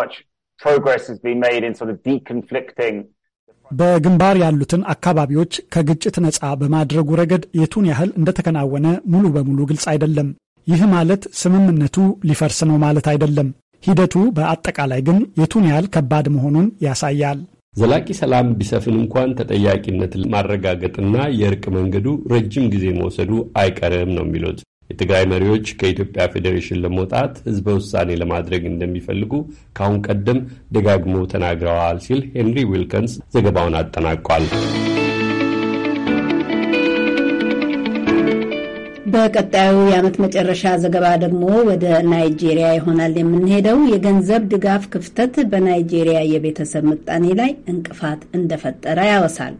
በግንባር ያሉትን አካባቢዎች ከግጭት ነፃ በማድረጉ ረገድ የቱን ያህል እንደተከናወነ ሙሉ በሙሉ ግልጽ አይደለም። ይህ ማለት ስምምነቱ ሊፈርስ ነው ማለት አይደለም። ሂደቱ በአጠቃላይ ግን የቱን ያህል ከባድ መሆኑን ያሳያል። ዘላቂ ሰላም ቢሰፍን እንኳን ተጠያቂነት ማረጋገጥና የእርቅ መንገዱ ረጅም ጊዜ መውሰዱ አይቀርም ነው የሚሉት የትግራይ መሪዎች ከኢትዮጵያ ፌዴሬሽን ለመውጣት ህዝበ ውሳኔ ለማድረግ እንደሚፈልጉ ከአሁን ቀደም ደጋግሞ ተናግረዋል ሲል ሄንሪ ዊልከንስ ዘገባውን አጠናቋል። በቀጣዩ የዓመት መጨረሻ ዘገባ ደግሞ ወደ ናይጄሪያ ይሆናል የምንሄደው። የገንዘብ ድጋፍ ክፍተት በናይጄሪያ የቤተሰብ ምጣኔ ላይ እንቅፋት እንደፈጠረ ያወሳል።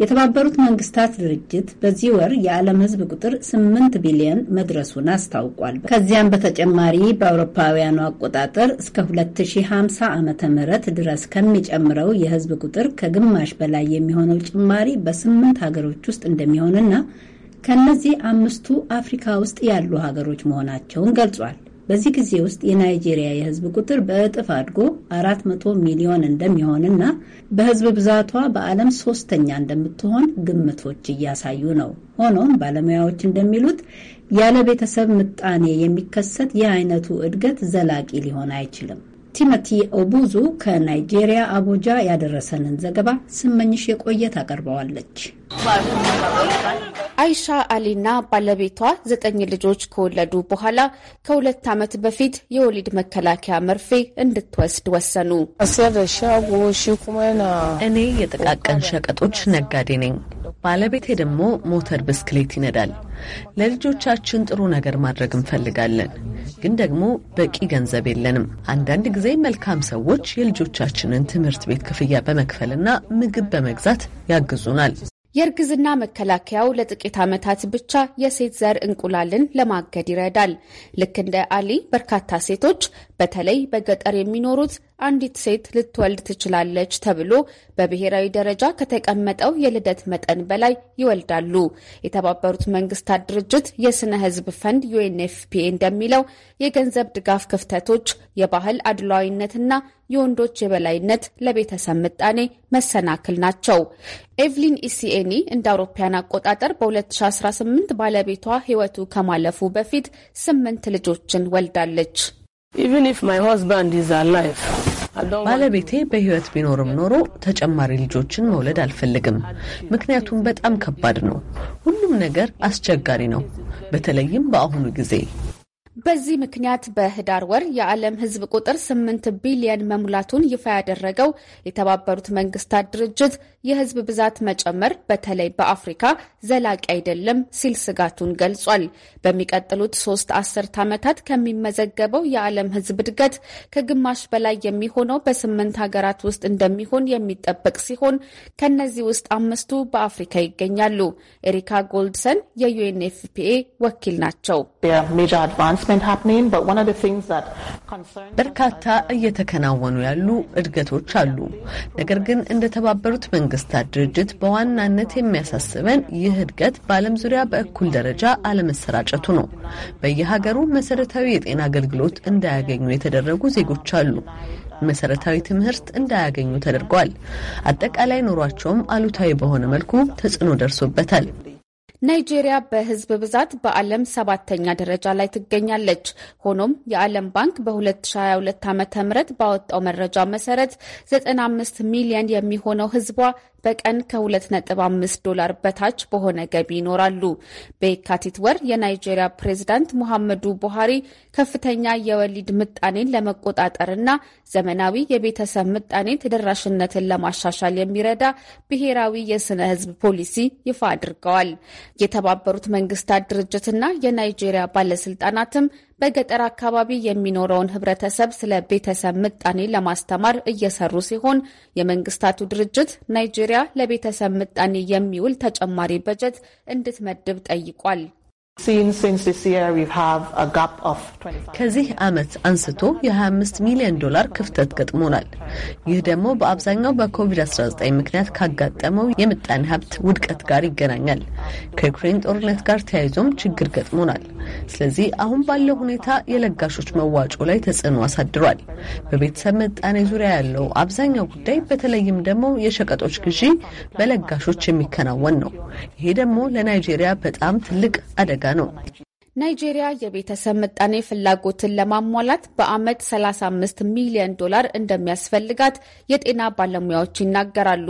የተባበሩት መንግስታት ድርጅት በዚህ ወር የዓለም ሕዝብ ቁጥር 8 ቢሊዮን መድረሱን አስታውቋል። ከዚያም በተጨማሪ በአውሮፓውያኑ አቆጣጠር እስከ 2050 ዓ.ም ድረስ ከሚጨምረው የሕዝብ ቁጥር ከግማሽ በላይ የሚሆነው ጭማሪ በስምንት ሀገሮች ውስጥ እንደሚሆንና ከእነዚህ አምስቱ አፍሪካ ውስጥ ያሉ ሀገሮች መሆናቸውን ገልጿል። በዚህ ጊዜ ውስጥ የናይጄሪያ የህዝብ ቁጥር በእጥፍ አድጎ 400 ሚሊዮን እንደሚሆንና በህዝብ ብዛቷ በዓለም ሶስተኛ እንደምትሆን ግምቶች እያሳዩ ነው። ሆኖም ባለሙያዎች እንደሚሉት ያለ ቤተሰብ ምጣኔ የሚከሰት የአይነቱ እድገት ዘላቂ ሊሆን አይችልም። ቲሞቲ ኦቡዙ ከናይጄሪያ አቡጃ ያደረሰንን ዘገባ ስመኝሽ የቆየት አቀርበዋለች። አይሻ አሊና ባለቤቷ ዘጠኝ ልጆች ከወለዱ በኋላ ከሁለት ዓመት በፊት የወሊድ መከላከያ መርፌ እንድትወስድ ወሰኑ። እኔ የጥቃቅን ሸቀጦች ነጋዴ ነኝ። ባለቤቴ ደግሞ ሞተር ብስክሌት ይነዳል። ለልጆቻችን ጥሩ ነገር ማድረግ እንፈልጋለን፣ ግን ደግሞ በቂ ገንዘብ የለንም። አንዳንድ ጊዜ መልካም ሰዎች የልጆቻችንን ትምህርት ቤት ክፍያ በመክፈልና ምግብ በመግዛት ያግዙናል። የእርግዝና መከላከያው ለጥቂት ዓመታት ብቻ የሴት ዘር እንቁላልን ለማገድ ይረዳል። ልክ እንደ አሊ በርካታ ሴቶች በተለይ በገጠር የሚኖሩት አንዲት ሴት ልትወልድ ትችላለች ተብሎ በብሔራዊ ደረጃ ከተቀመጠው የልደት መጠን በላይ ይወልዳሉ። የተባበሩት መንግስታት ድርጅት የስነ ህዝብ ፈንድ ዩኤንኤፍፒኤ እንደሚለው የገንዘብ ድጋፍ ክፍተቶች፣ የባህል አድሏዊነትና የወንዶች የበላይነት ለቤተሰብ ምጣኔ መሰናክል ናቸው። ኤቭሊን ኢሲኤኒ እንደ አውሮፓያን አቆጣጠር በ2018 ባለቤቷ ህይወቱ ከማለፉ በፊት ስምንት ልጆችን ወልዳለች። ባለቤቴ በህይወት ቢኖርም ኖሮ ተጨማሪ ልጆችን መውለድ አልፈልግም። ምክንያቱም በጣም ከባድ ነው። ሁሉም ነገር አስቸጋሪ ነው፣ በተለይም በአሁኑ ጊዜ። በዚህ ምክንያት በህዳር ወር የዓለም ህዝብ ቁጥር 8 ቢሊየን መሙላቱን ይፋ ያደረገው የተባበሩት መንግስታት ድርጅት የህዝብ ብዛት መጨመር በተለይ በአፍሪካ ዘላቂ አይደለም ሲል ስጋቱን ገልጿል። በሚቀጥሉት ሶስት አስርት ዓመታት ከሚመዘገበው የዓለም ህዝብ እድገት ከግማሽ በላይ የሚሆነው በስምንት ሀገራት ውስጥ እንደሚሆን የሚጠበቅ ሲሆን ከእነዚህ ውስጥ አምስቱ በአፍሪካ ይገኛሉ። ኤሪካ ጎልድሰን የዩኤንኤፍፒኤ ወኪል ናቸው። በርካታ እየተከናወኑ ያሉ እድገቶች አሉ። ነገር ግን እንደተባበሩት መንግስት መንግስታት ድርጅት በዋናነት የሚያሳስበን ይህ እድገት በዓለም ዙሪያ በእኩል ደረጃ አለመሰራጨቱ ነው። በየሀገሩ መሰረታዊ የጤና አገልግሎት እንዳያገኙ የተደረጉ ዜጎች አሉ። መሰረታዊ ትምህርት እንዳያገኙ ተደርገዋል። አጠቃላይ ኑሯቸውም አሉታዊ በሆነ መልኩ ተጽዕኖ ደርሶበታል። ናይጄሪያ በህዝብ ብዛት በዓለም ሰባተኛ ደረጃ ላይ ትገኛለች። ሆኖም የዓለም ባንክ በ2022 ዓ ም ባወጣው መረጃ መሰረት 95 ሚሊዮን የሚሆነው ህዝቧ በቀን ከ2.5 ዶላር በታች በሆነ ገቢ ይኖራሉ። በየካቲት ወር የናይጄሪያ ፕሬዝዳንት ሙሐመዱ ቡሃሪ ከፍተኛ የወሊድ ምጣኔን ለመቆጣጠርና ዘመናዊ የቤተሰብ ምጣኔ ተደራሽነትን ለማሻሻል የሚረዳ ብሔራዊ የስነ ህዝብ ፖሊሲ ይፋ አድርገዋል። የተባበሩት መንግስታት ድርጅትና የናይጄሪያ ባለስልጣናትም በገጠር አካባቢ የሚኖረውን ህብረተሰብ ስለ ቤተሰብ ምጣኔ ለማስተማር እየሰሩ ሲሆን የመንግስታቱ ድርጅት ናይጄሪያ ለቤተሰብ ምጣኔ የሚውል ተጨማሪ በጀት እንድትመድብ ጠይቋል። ከዚህ ዓመት አንስቶ የ25 ሚሊዮን ዶላር ክፍተት ገጥሞናል። ይህ ደግሞ በአብዛኛው በኮቪድ-19 ምክንያት ካጋጠመው የምጣኔ ሀብት ውድቀት ጋር ይገናኛል። ከዩክሬን ጦርነት ጋር ተያይዞም ችግር ገጥሞናል። ስለዚህ አሁን ባለው ሁኔታ የለጋሾች መዋጮ ላይ ተጽዕኖ አሳድሯል። በቤተሰብ ምጣኔ ዙሪያ ያለው አብዛኛው ጉዳይ በተለይም ደግሞ የሸቀጦች ግዢ በለጋሾች የሚከናወን ነው። ይሄ ደግሞ ለናይጄሪያ በጣም ትልቅ አደጋ ነው። ናይጄሪያ የቤተሰብ ምጣኔ ፍላጎትን ለማሟላት በዓመት 35 ሚሊዮን ዶላር እንደሚያስፈልጋት የጤና ባለሙያዎች ይናገራሉ።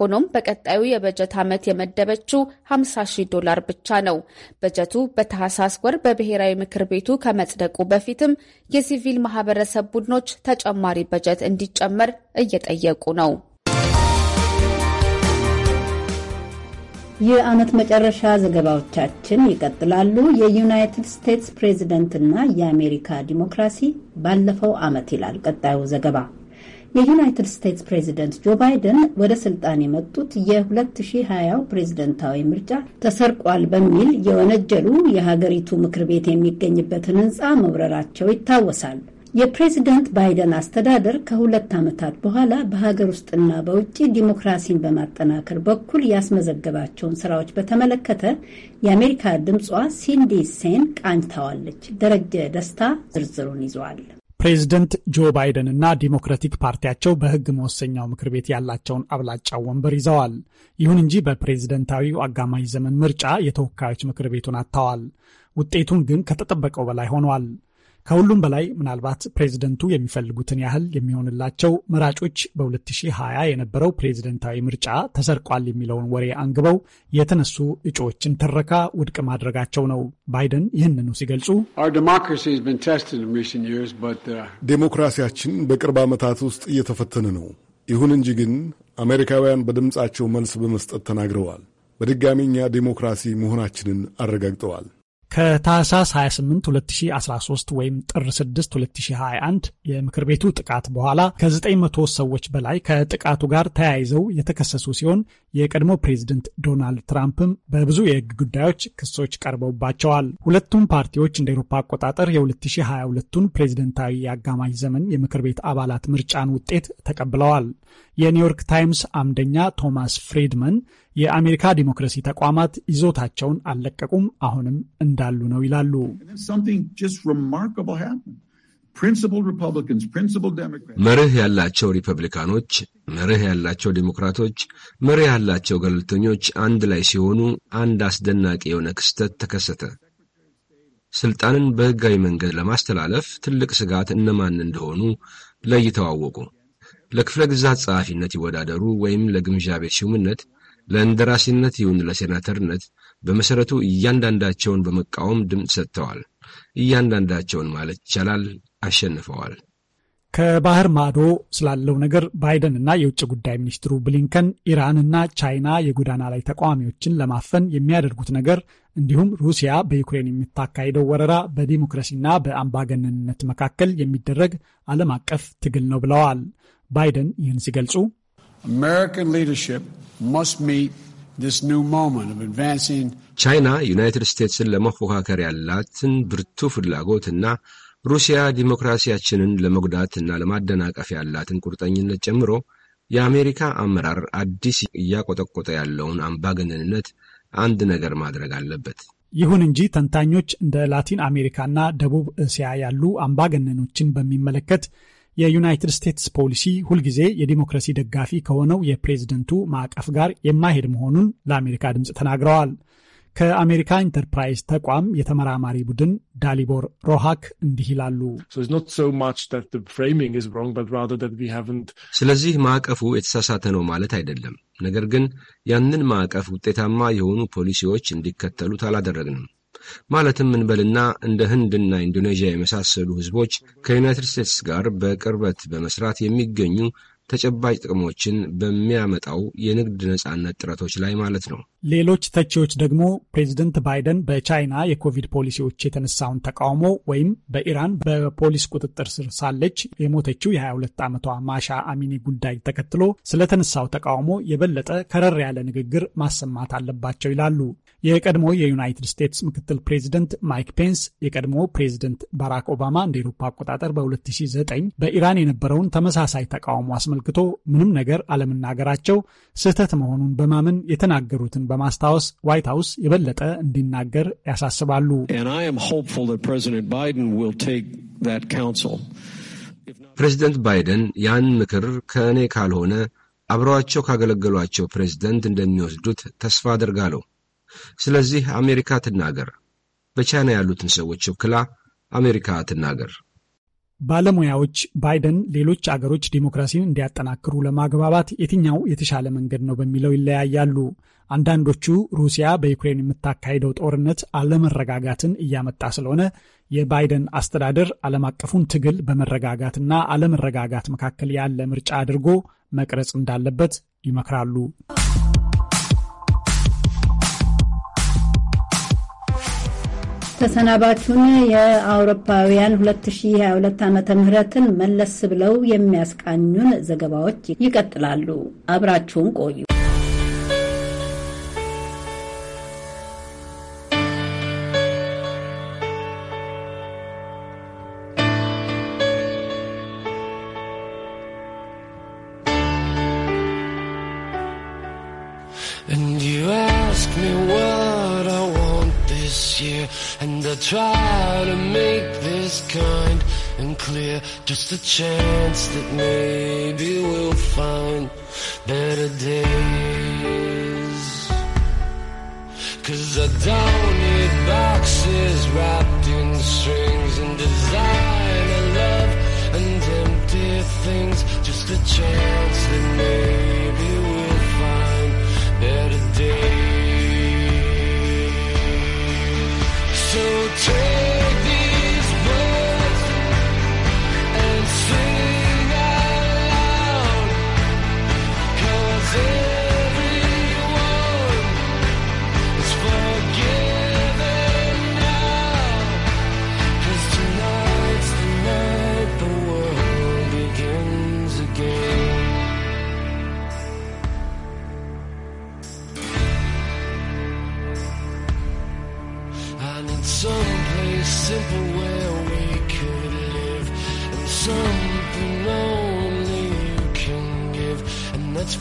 ሆኖም በቀጣዩ የበጀት ዓመት የመደበችው 50 ሺህ ዶላር ብቻ ነው። በጀቱ በታህሳስ ወር በብሔራዊ ምክር ቤቱ ከመጽደቁ በፊትም የሲቪል ማህበረሰብ ቡድኖች ተጨማሪ በጀት እንዲጨመር እየጠየቁ ነው። የዓመት መጨረሻ ዘገባዎቻችን ይቀጥላሉ። የዩናይትድ ስቴትስ ፕሬዝደንትና የአሜሪካ ዲሞክራሲ ባለፈው ዓመት ይላል ቀጣዩ ዘገባ። የዩናይትድ ስቴትስ ፕሬዝደንት ጆ ባይደን ወደ ስልጣን የመጡት የ2020 ፕሬዝደንታዊ ምርጫ ተሰርቋል በሚል የወነጀሉ የሀገሪቱ ምክር ቤት የሚገኝበትን ህንፃ መብረራቸው ይታወሳል። የፕሬዚዳንት ባይደን አስተዳደር ከሁለት ዓመታት በኋላ በሀገር ውስጥና በውጭ ዲሞክራሲን በማጠናከር በኩል ያስመዘገባቸውን ስራዎች በተመለከተ የአሜሪካ ድምጿ ሲንዲ ሴን ቃኝታዋለች። ደረጀ ደስታ ዝርዝሩን ይዟል። ፕሬዚደንት ጆ ባይደን እና ዲሞክራቲክ ፓርቲያቸው በሕግ መወሰኛው ምክር ቤት ያላቸውን አብላጫ ወንበር ይዘዋል። ይሁን እንጂ በፕሬዝደንታዊው አጋማሽ ዘመን ምርጫ የተወካዮች ምክር ቤቱን አጥተዋል። ውጤቱን ግን ከተጠበቀው በላይ ሆኗል። ከሁሉም በላይ ምናልባት ፕሬዝደንቱ የሚፈልጉትን ያህል የሚሆንላቸው መራጮች በ2020 የነበረው ፕሬዝደንታዊ ምርጫ ተሰርቋል የሚለውን ወሬ አንግበው የተነሱ እጩዎችን ትረካ ውድቅ ማድረጋቸው ነው። ባይደን ይህንኑ ሲገልጹ uh, ዴሞክራሲያችን በቅርብ ዓመታት ውስጥ እየተፈተነ ነው። ይሁን እንጂ ግን አሜሪካውያን በድምፃቸው መልስ በመስጠት ተናግረዋል። በድጋሚኛ ዴሞክራሲ መሆናችንን አረጋግጠዋል። ከታህሳስ 28 2013 ወይም ጥር 6 2021 የምክር ቤቱ ጥቃት በኋላ ከ900 ሰዎች በላይ ከጥቃቱ ጋር ተያይዘው የተከሰሱ ሲሆን የቀድሞ ፕሬዝደንት ዶናልድ ትራምፕም በብዙ የህግ ጉዳዮች ክሶች ቀርበውባቸዋል። ሁለቱም ፓርቲዎች እንደ ኤሮፓ አቆጣጠር የ2022ቱን ፕሬዝደንታዊ የአጋማሽ ዘመን የምክር ቤት አባላት ምርጫን ውጤት ተቀብለዋል። የኒውዮርክ ታይምስ አምደኛ ቶማስ ፍሬድመን የአሜሪካ ዲሞክራሲ ተቋማት ይዞታቸውን አልለቀቁም፣ አሁንም እንዳሉ ነው ይላሉ። መርህ ያላቸው ሪፐብሊካኖች፣ መርህ ያላቸው ዴሞክራቶች መርህ ያላቸው ገለልተኞች አንድ ላይ ሲሆኑ አንድ አስደናቂ የሆነ ክስተት ተከሰተ። ስልጣንን በሕጋዊ መንገድ ለማስተላለፍ ትልቅ ስጋት እነማን እንደሆኑ ለይተው አወቁ። ለክፍለ ግዛት ጸሐፊነት ይወዳደሩ ወይም ለግምዣ ቤት ሹምነት፣ ለእንደራሴነት ይሁን ለሴናተርነት፣ በመሠረቱ እያንዳንዳቸውን በመቃወም ድምፅ ሰጥተዋል። እያንዳንዳቸውን ማለት ይቻላል አሸንፈዋል። ከባህር ማዶ ስላለው ነገር ባይደን እና የውጭ ጉዳይ ሚኒስትሩ ብሊንከን ኢራንና ቻይና የጎዳና ላይ ተቃዋሚዎችን ለማፈን የሚያደርጉት ነገር እንዲሁም ሩሲያ በዩክሬን የምታካሂደው ወረራ በዲሞክራሲና በአምባገነንነት መካከል የሚደረግ ዓለም አቀፍ ትግል ነው ብለዋል። ባይደን ይህን ሲገልጹ ቻይና ዩናይትድ ስቴትስን ለመፎካከር ያላትን ብርቱ ፍላጎትና ሩሲያ ዲሞክራሲያችንን ለመጉዳት እና ለማደናቀፍ ያላትን ቁርጠኝነት ጨምሮ የአሜሪካ አመራር አዲስ እያቆጠቆጠ ያለውን አምባገነንነት አንድ ነገር ማድረግ አለበት። ይሁን እንጂ ተንታኞች እንደ ላቲን አሜሪካና ደቡብ እስያ ያሉ አምባገነኖችን በሚመለከት የዩናይትድ ስቴትስ ፖሊሲ ሁልጊዜ የዲሞክራሲ ደጋፊ ከሆነው የፕሬዝደንቱ ማዕቀፍ ጋር የማይሄድ መሆኑን ለአሜሪካ ድምፅ ተናግረዋል። ከአሜሪካ ኢንተርፕራይዝ ተቋም የተመራማሪ ቡድን ዳሊቦር ሮሃክ እንዲህ ይላሉ። ስለዚህ ማዕቀፉ የተሳሳተ ነው ማለት አይደለም። ነገር ግን ያንን ማዕቀፍ ውጤታማ የሆኑ ፖሊሲዎች እንዲከተሉት አላደረግንም። ማለትም እንበልና እንደ ህንድና ኢንዶኔዥያ የመሳሰሉ ህዝቦች ከዩናይትድ ስቴትስ ጋር በቅርበት በመስራት የሚገኙ ተጨባጭ ጥቅሞችን በሚያመጣው የንግድ ነጻነት ጥረቶች ላይ ማለት ነው። ሌሎች ተቺዎች ደግሞ ፕሬዚደንት ባይደን በቻይና የኮቪድ ፖሊሲዎች የተነሳውን ተቃውሞ ወይም በኢራን በፖሊስ ቁጥጥር ስር ሳለች የሞተችው የ22 ዓመቷ ማሻ አሚኒ ጉዳይ ተከትሎ ስለተነሳው ተቃውሞ የበለጠ ከረር ያለ ንግግር ማሰማት አለባቸው ይላሉ። የቀድሞ የዩናይትድ ስቴትስ ምክትል ፕሬዚደንት ማይክ ፔንስ የቀድሞ ፕሬዚደንት ባራክ ኦባማ እንደ ኤሮፓ አቆጣጠር በ2009 በኢራን የነበረውን ተመሳሳይ ተቃውሞ አስመ አስመልክቶ ምንም ነገር አለመናገራቸው ስህተት መሆኑን በማመን የተናገሩትን በማስታወስ ዋይት ሀውስ የበለጠ እንዲናገር ያሳስባሉ። ፕሬዚደንት ባይደን ያን ምክር ከእኔ ካልሆነ አብረዋቸው ካገለገሏቸው ፕሬዚደንት እንደሚወስዱት ተስፋ አደርጋለሁ። ስለዚህ አሜሪካ ትናገር፣ በቻይና ያሉትን ሰዎች ወክላ አሜሪካ ትናገር። ባለሙያዎች ባይደን ሌሎች አገሮች ዲሞክራሲን እንዲያጠናክሩ ለማግባባት የትኛው የተሻለ መንገድ ነው በሚለው ይለያያሉ። አንዳንዶቹ ሩሲያ በዩክሬን የምታካሄደው ጦርነት አለመረጋጋትን እያመጣ ስለሆነ የባይደን አስተዳደር ዓለም አቀፉን ትግል በመረጋጋትና አለመረጋጋት መካከል ያለ ምርጫ አድርጎ መቅረጽ እንዳለበት ይመክራሉ። ተሰናባቹን የአውሮፓውያን 2022 ዓመተ ምህረትን መለስ ብለው የሚያስቃኙን ዘገባዎች ይቀጥላሉ። አብራችሁን ቆዩ። And I try to make this kind and clear. Just a chance that maybe we'll find better days. Cause I don't need boxes wrapped in strings and designer love and empty things. Just a chance that maybe to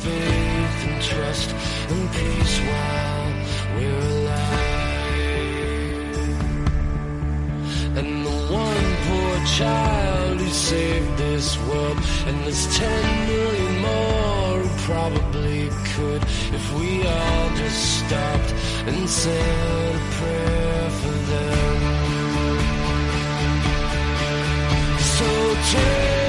faith and trust and peace while we're alive. And the one poor child who saved this world, and there's ten million more who probably could if we all just stopped and said a prayer for them. So take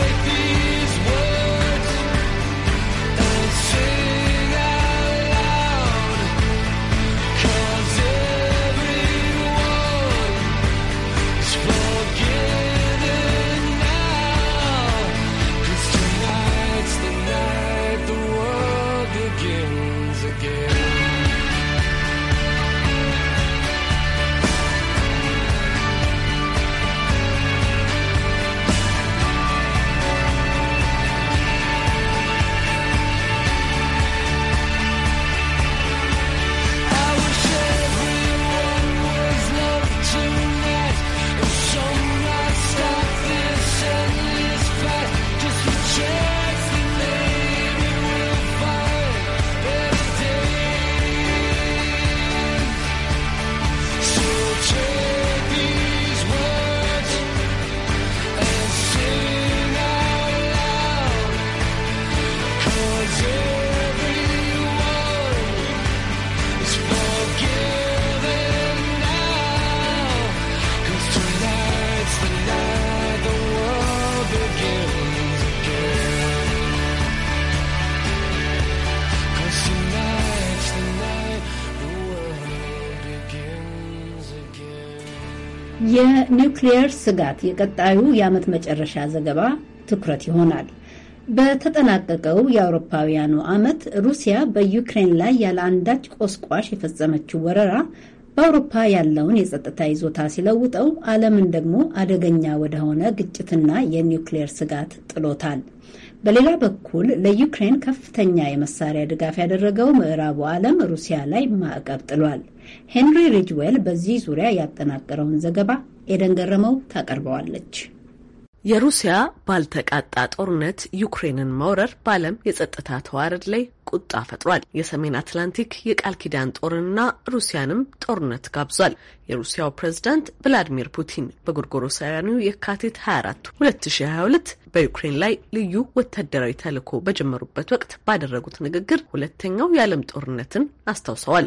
የኒውክሊየር ስጋት የቀጣዩ የዓመት መጨረሻ ዘገባ ትኩረት ይሆናል። በተጠናቀቀው የአውሮፓውያኑ ዓመት ሩሲያ በዩክሬን ላይ ያለ አንዳች ቆስቋሽ የፈጸመችው ወረራ በአውሮፓ ያለውን የጸጥታ ይዞታ ሲለውጠው ዓለምን ደግሞ አደገኛ ወደሆነ ግጭትና የኒውክሌየር ስጋት ጥሎታል። በሌላ በኩል ለዩክሬን ከፍተኛ የመሳሪያ ድጋፍ ያደረገው ምዕራቡ ዓለም ሩሲያ ላይ ማዕቀብ ጥሏል። ሄንሪ ሪጅዌል በዚህ ዙሪያ ያጠናቀረውን ዘገባ ኤደን ገረመው ታቀርበዋለች። የሩሲያ ባልተቃጣ ጦርነት ዩክሬንን መውረር በዓለም የጸጥታ ተዋረድ ላይ ቁጣ ፈጥሯል። የሰሜን አትላንቲክ የቃል ኪዳን ጦርንና ሩሲያንም ጦርነት ጋብዟል። የሩሲያው ፕሬዝዳንት ቭላዲሚር ፑቲን በጎርጎሮሳውያኑ የካቲት 24 2022 በዩክሬን ላይ ልዩ ወታደራዊ ተልዕኮ በጀመሩበት ወቅት ባደረጉት ንግግር ሁለተኛው የዓለም ጦርነትን አስታውሰዋል።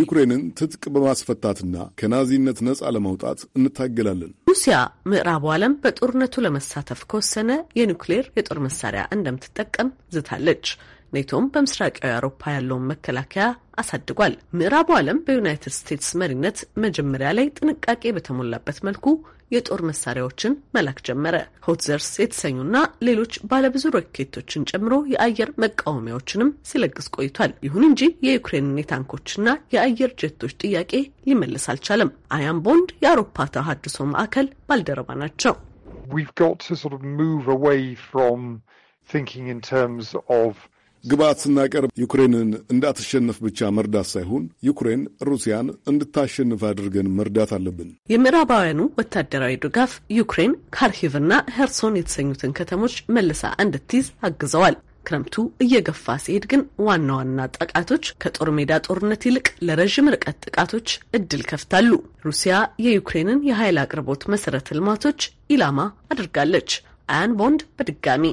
ዩክሬንን ትጥቅ በማስፈታትና ከናዚነት ነፃ ለማውጣት እንታገላለን። ሩሲያ ምዕራቡ ዓለም በጦርነቱ ለመሳተፍ ከወሰነ የኒውክሌር የጦር መሳሪያ እንደምትጠቀም ዝታለች። ኔቶም በምስራቃዊ አውሮፓ ያለውን መከላከያ አሳድጓል። ምዕራቡ ዓለም በዩናይትድ ስቴትስ መሪነት መጀመሪያ ላይ ጥንቃቄ በተሞላበት መልኩ የጦር መሳሪያዎችን መላክ ጀመረ። ሆትዘርስ የተሰኙና ሌሎች ባለብዙ ሮኬቶችን ጨምሮ የአየር መቃወሚያዎችንም ሲለግስ ቆይቷል። ይሁን እንጂ የዩክሬንን የታንኮችና የአየር ጀቶች ጥያቄ ሊመልስ አልቻለም። አያም ቦንድ የአውሮፓ ተሃድሶ ማዕከል ባልደረባ ናቸው። We've got to sort of move away from thinking in terms of ግብዓት ስናቀርብ ዩክሬንን እንዳትሸነፍ ብቻ መርዳት ሳይሆን ዩክሬን ሩሲያን እንድታሸንፍ አድርገን መርዳት አለብን። የምዕራባውያኑ ወታደራዊ ድጋፍ ዩክሬን ካርኪቭና ሄርሶን የተሰኙትን ከተሞች መልሳ እንድትይዝ አግዘዋል። ክረምቱ እየገፋ ሲሄድ ግን ዋና ዋና ጥቃቶች ከጦር ሜዳ ጦርነት ይልቅ ለረዥም ርቀት ጥቃቶች እድል ከፍታሉ። ሩሲያ የዩክሬንን የኃይል አቅርቦት መሰረተ ልማቶች ኢላማ አድርጋለች። አያን ቦንድ በድጋሚ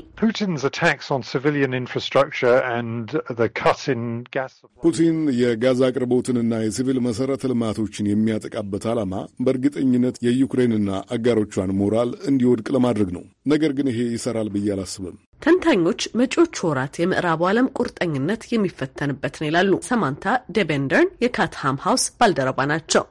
ፑቲን የጋዝ አቅርቦትንና የሲቪል መሠረተ ልማቶችን የሚያጠቃበት ዓላማ በእርግጠኝነት የዩክሬንና አጋሮቿን ሞራል እንዲወድቅ ለማድረግ ነው። ነገር ግን ይሄ ይሰራል ብዬ አላስብም። ተንታኞች መጪዎቹ ወራት የምዕራቡ ዓለም ቁርጠኝነት የሚፈተንበት ነው ይላሉ። ሰማንታ ደቤንደርን የካትሃም ሃውስ ባልደረባ ናቸው።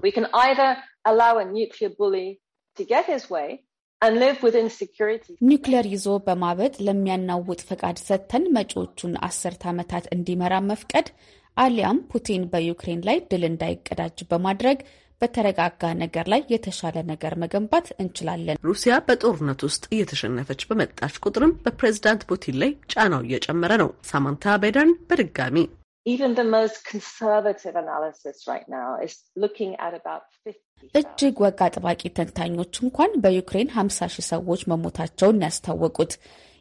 ኒውክሌር ይዞ በማበጥ ለሚያናውጥ ፈቃድ ሰጥተን መጪዎቹን አስርት ዓመታት እንዲመራ መፍቀድ አሊያም ፑቲን በዩክሬን ላይ ድል እንዳይቀዳጅ በማድረግ በተረጋጋ ነገር ላይ የተሻለ ነገር መገንባት እንችላለን። ሩሲያ በጦርነት ውስጥ እየተሸነፈች በመጣች ቁጥርም በፕሬዝዳንት ፑቲን ላይ ጫናው እየጨመረ ነው። ሳማንታ ቤደርን በድጋሚ እጅግ ወግ አጥባቂ ተንታኞች እንኳን በዩክሬን 50 ሺህ ሰዎች መሞታቸውን ያስታወቁት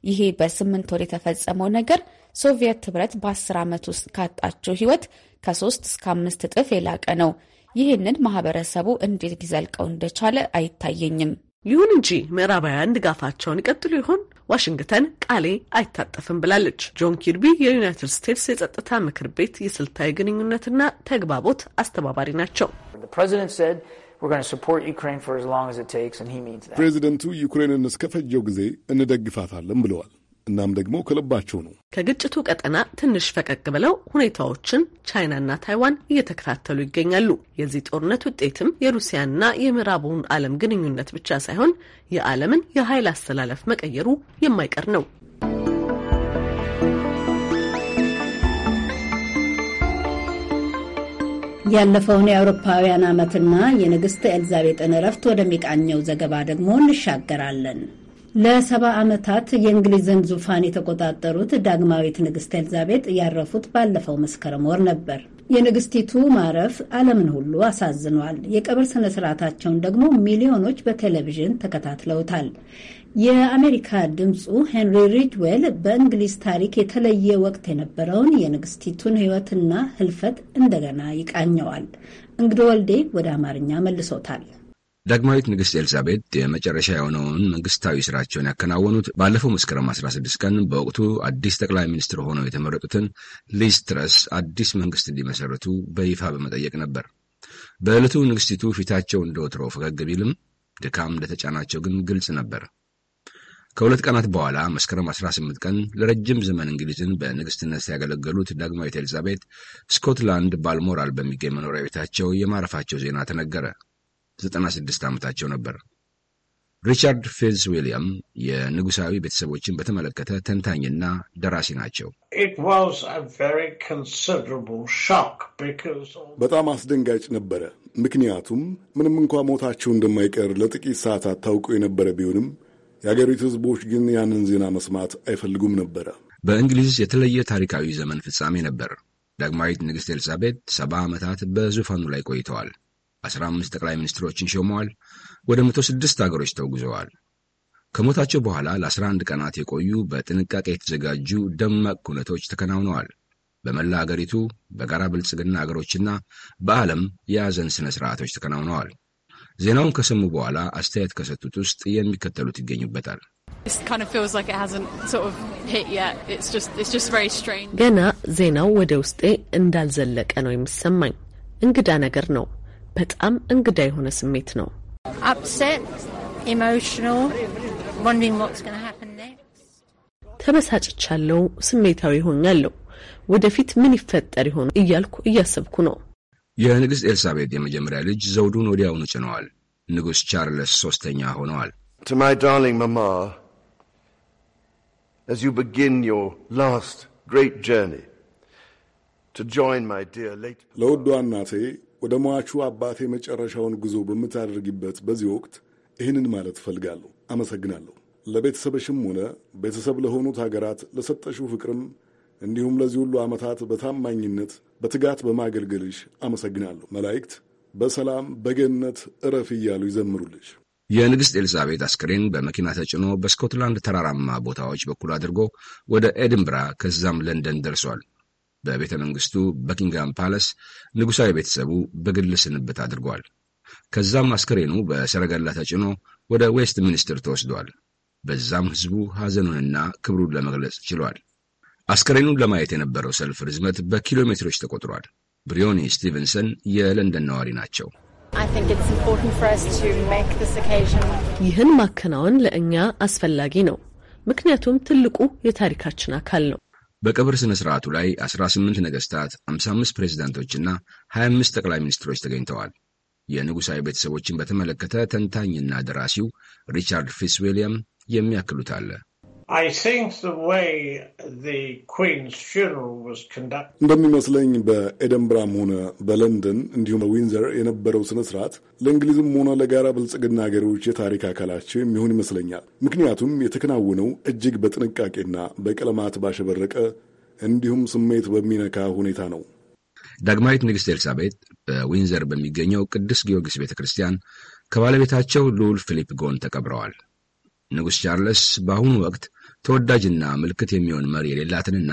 ይሄ በስምንት ወር የተፈጸመው ነገር ሶቪየት ህብረት በ10 ዓመት ውስጥ ካጣችው ህይወት ከሶስት እስከ አምስት እጥፍ የላቀ ነው። ይህንን ማህበረሰቡ እንዴት ሊዘልቀው እንደቻለ አይታየኝም። ይሁን እንጂ ምዕራባውያን ድጋፋቸውን ይቀጥሉ ይሆን? ዋሽንግተን ቃሌ አይታጠፍም ብላለች። ጆን ኪርቢ የዩናይትድ ስቴትስ የጸጥታ ምክር ቤት የስልታዊ ግንኙነትና ተግባቦት አስተባባሪ ናቸው። ፕሬዚደንቱ ዩክሬንን እስከፈጀው ጊዜ እንደግፋታለን ብለዋል። እናም ደግሞ ከልባቸው ነው። ከግጭቱ ቀጠና ትንሽ ፈቀቅ ብለው ሁኔታዎችን ቻይናና ታይዋን እየተከታተሉ ይገኛሉ። የዚህ ጦርነት ውጤትም የሩሲያና የምዕራቡን ዓለም ግንኙነት ብቻ ሳይሆን የዓለምን የኃይል አስተላለፍ መቀየሩ የማይቀር ነው። ያለፈውን የአውሮፓውያን ዓመትና የንግሥት ኤልዛቤጥን እረፍት ወደሚቃኘው ዘገባ ደግሞ እንሻገራለን። ለሰባ ዓመታት የእንግሊዝን ዙፋን የተቆጣጠሩት ዳግማዊት ንግሥት ኤልዛቤጥ ያረፉት ባለፈው መስከረም ወር ነበር። የንግሥቲቱ ማረፍ ዓለምን ሁሉ አሳዝኗል። የቀብር ስነ ስርዓታቸውን ደግሞ ሚሊዮኖች በቴሌቪዥን ተከታትለውታል። የአሜሪካ ድምፁ ሄንሪ ሪጅዌል በእንግሊዝ ታሪክ የተለየ ወቅት የነበረውን የንግሥቲቱን ሕይወትና ሕልፈት እንደገና ይቃኘዋል። እንግዶ ወልዴ ወደ አማርኛ መልሶታል። ዳግማዊት ንግሥት ኤልዛቤት የመጨረሻ የሆነውን መንግስታዊ ስራቸውን ያከናወኑት ባለፈው መስከረም 16 ቀን በወቅቱ አዲስ ጠቅላይ ሚኒስትር ሆነው የተመረጡትን ሊዝ ትረስ አዲስ መንግስት እንዲመሰርቱ በይፋ በመጠየቅ ነበር። በዕለቱ ንግሥቲቱ ፊታቸው እንደወትሮው ፈገግ ቢልም ድካም እንደተጫናቸው ግን ግልጽ ነበር። ከሁለት ቀናት በኋላ መስከረም 18 ቀን ለረጅም ዘመን እንግሊዝን በንግሥትነት ያገለገሉት ዳግማዊት ኤልዛቤት ስኮትላንድ ባልሞራል በሚገኝ መኖሪያ ቤታቸው የማረፋቸው ዜና ተነገረ። ዘጠና ስድስት ዓመታቸው ነበር። ሪቻርድ ፊትዝ ዊልያም የንጉሳዊ ቤተሰቦችን በተመለከተ ተንታኝና ደራሲ ናቸው። በጣም አስደንጋጭ ነበረ። ምክንያቱም ምንም እንኳ ሞታቸው እንደማይቀር ለጥቂት ሰዓታት ታውቆ የነበረ ቢሆንም የአገሪቱ ሕዝቦች ግን ያንን ዜና መስማት አይፈልጉም ነበረ። በእንግሊዝ የተለየ ታሪካዊ ዘመን ፍጻሜ ነበር። ዳግማዊት ንግሥት ኤልሳቤት ሰባ ዓመታት በዙፋኑ ላይ ቆይተዋል። አስራ አምስት ጠቅላይ ሚኒስትሮችን ሾመዋል። ወደ መቶ ስድስት አገሮች ተጉዘዋል። ከሞታቸው በኋላ ለ11 ቀናት የቆዩ በጥንቃቄ የተዘጋጁ ደማቅ ኩነቶች ተከናውነዋል። በመላ አገሪቱ በጋራ ብልጽግና አገሮችና በዓለም የያዘን ሥነ ሥርዓቶች ተከናውነዋል። ዜናውን ከሰሙ በኋላ አስተያየት ከሰጡት ውስጥ የሚከተሉት ይገኙበታል። ገና ዜናው ወደ ውስጤ እንዳልዘለቀ ነው የሚሰማኝ። እንግዳ ነገር ነው። በጣም እንግዳ የሆነ ስሜት ነው። ተበሳጭቻለሁ፣ ስሜታዊ ሆኛለሁ። ወደፊት ምን ይፈጠር ይሆን እያልኩ እያሰብኩ ነው። የንግሥት ኤልሳቤት የመጀመሪያ ልጅ ዘውዱን ወዲያውኑ ጭነዋል። ንጉሥ ቻርለስ ሦስተኛ ሆነዋል። ለውዷ እናቴ ወደ ሟቹ አባቴ መጨረሻውን ጉዞ በምታደርጊበት በዚህ ወቅት ይህንን ማለት እፈልጋለሁ። አመሰግናለሁ። ለቤተሰብሽም ሆነ ቤተሰብ ለሆኑት ሀገራት ለሰጠሽው ፍቅርም እንዲሁም ለዚህ ሁሉ ዓመታት በታማኝነት በትጋት በማገልገልሽ አመሰግናለሁ። መላእክት በሰላም በገነት እረፍ እያሉ ይዘምሩልሽ። የንግሥት ኤልዛቤት አስክሬን በመኪና ተጭኖ በስኮትላንድ ተራራማ ቦታዎች በኩል አድርጎ ወደ ኤድንብራ ከዛም ለንደን ደርሷል። በቤተ መንግስቱ በኪንግሃም ፓለስ ንጉሳዊ ቤተሰቡ በግል ስንብት አድርጓል። ከዛም አስከሬኑ በሰረገላ ተጭኖ ወደ ዌስት ሚኒስትር ተወስዷል። በዛም ህዝቡ ሐዘኑንና ክብሩን ለመግለጽ ችሏል። አስከሬኑን ለማየት የነበረው ሰልፍ ርዝመት በኪሎ ሜትሮች ተቆጥሯል። ብሪዮኒ ስቲቨንሰን የለንደን ነዋሪ ናቸው። ይህን ማከናወን ለእኛ አስፈላጊ ነው፣ ምክንያቱም ትልቁ የታሪካችን አካል ነው። በቀብር ስነ ሥርዓቱ ላይ 18 ነገስታት፣ 55 ፕሬዚዳንቶችና 25 ጠቅላይ ሚኒስትሮች ተገኝተዋል። የንጉሣዊ ቤተሰቦችን በተመለከተ ተንታኝና ደራሲው ሪቻርድ ፊትስ ዊልያም የሚያክሉት አለ። እንደሚመስለኝ በኤደንብራም ሆነ በለንደን እንዲሁም በዊንዘር የነበረው ስነ ስርዓት ለእንግሊዝም ሆነ ለጋራ ብልጽግና ሀገሮች የታሪክ አካላቸው የሚሆን ይመስለኛል። ምክንያቱም የተከናወነው እጅግ በጥንቃቄና በቀለማት ባሸበረቀ እንዲሁም ስሜት በሚነካ ሁኔታ ነው። ዳግማዊት ንግሥት ኤልሳቤጥ በዊንዘር በሚገኘው ቅዱስ ጊዮርጊስ ቤተ ክርስቲያን ከባለቤታቸው ልዑል ፊሊፕ ጎን ተቀብረዋል። ንጉሥ ቻርልስ በአሁኑ ወቅት ተወዳጅና ምልክት የሚሆን መሪ የሌላትንና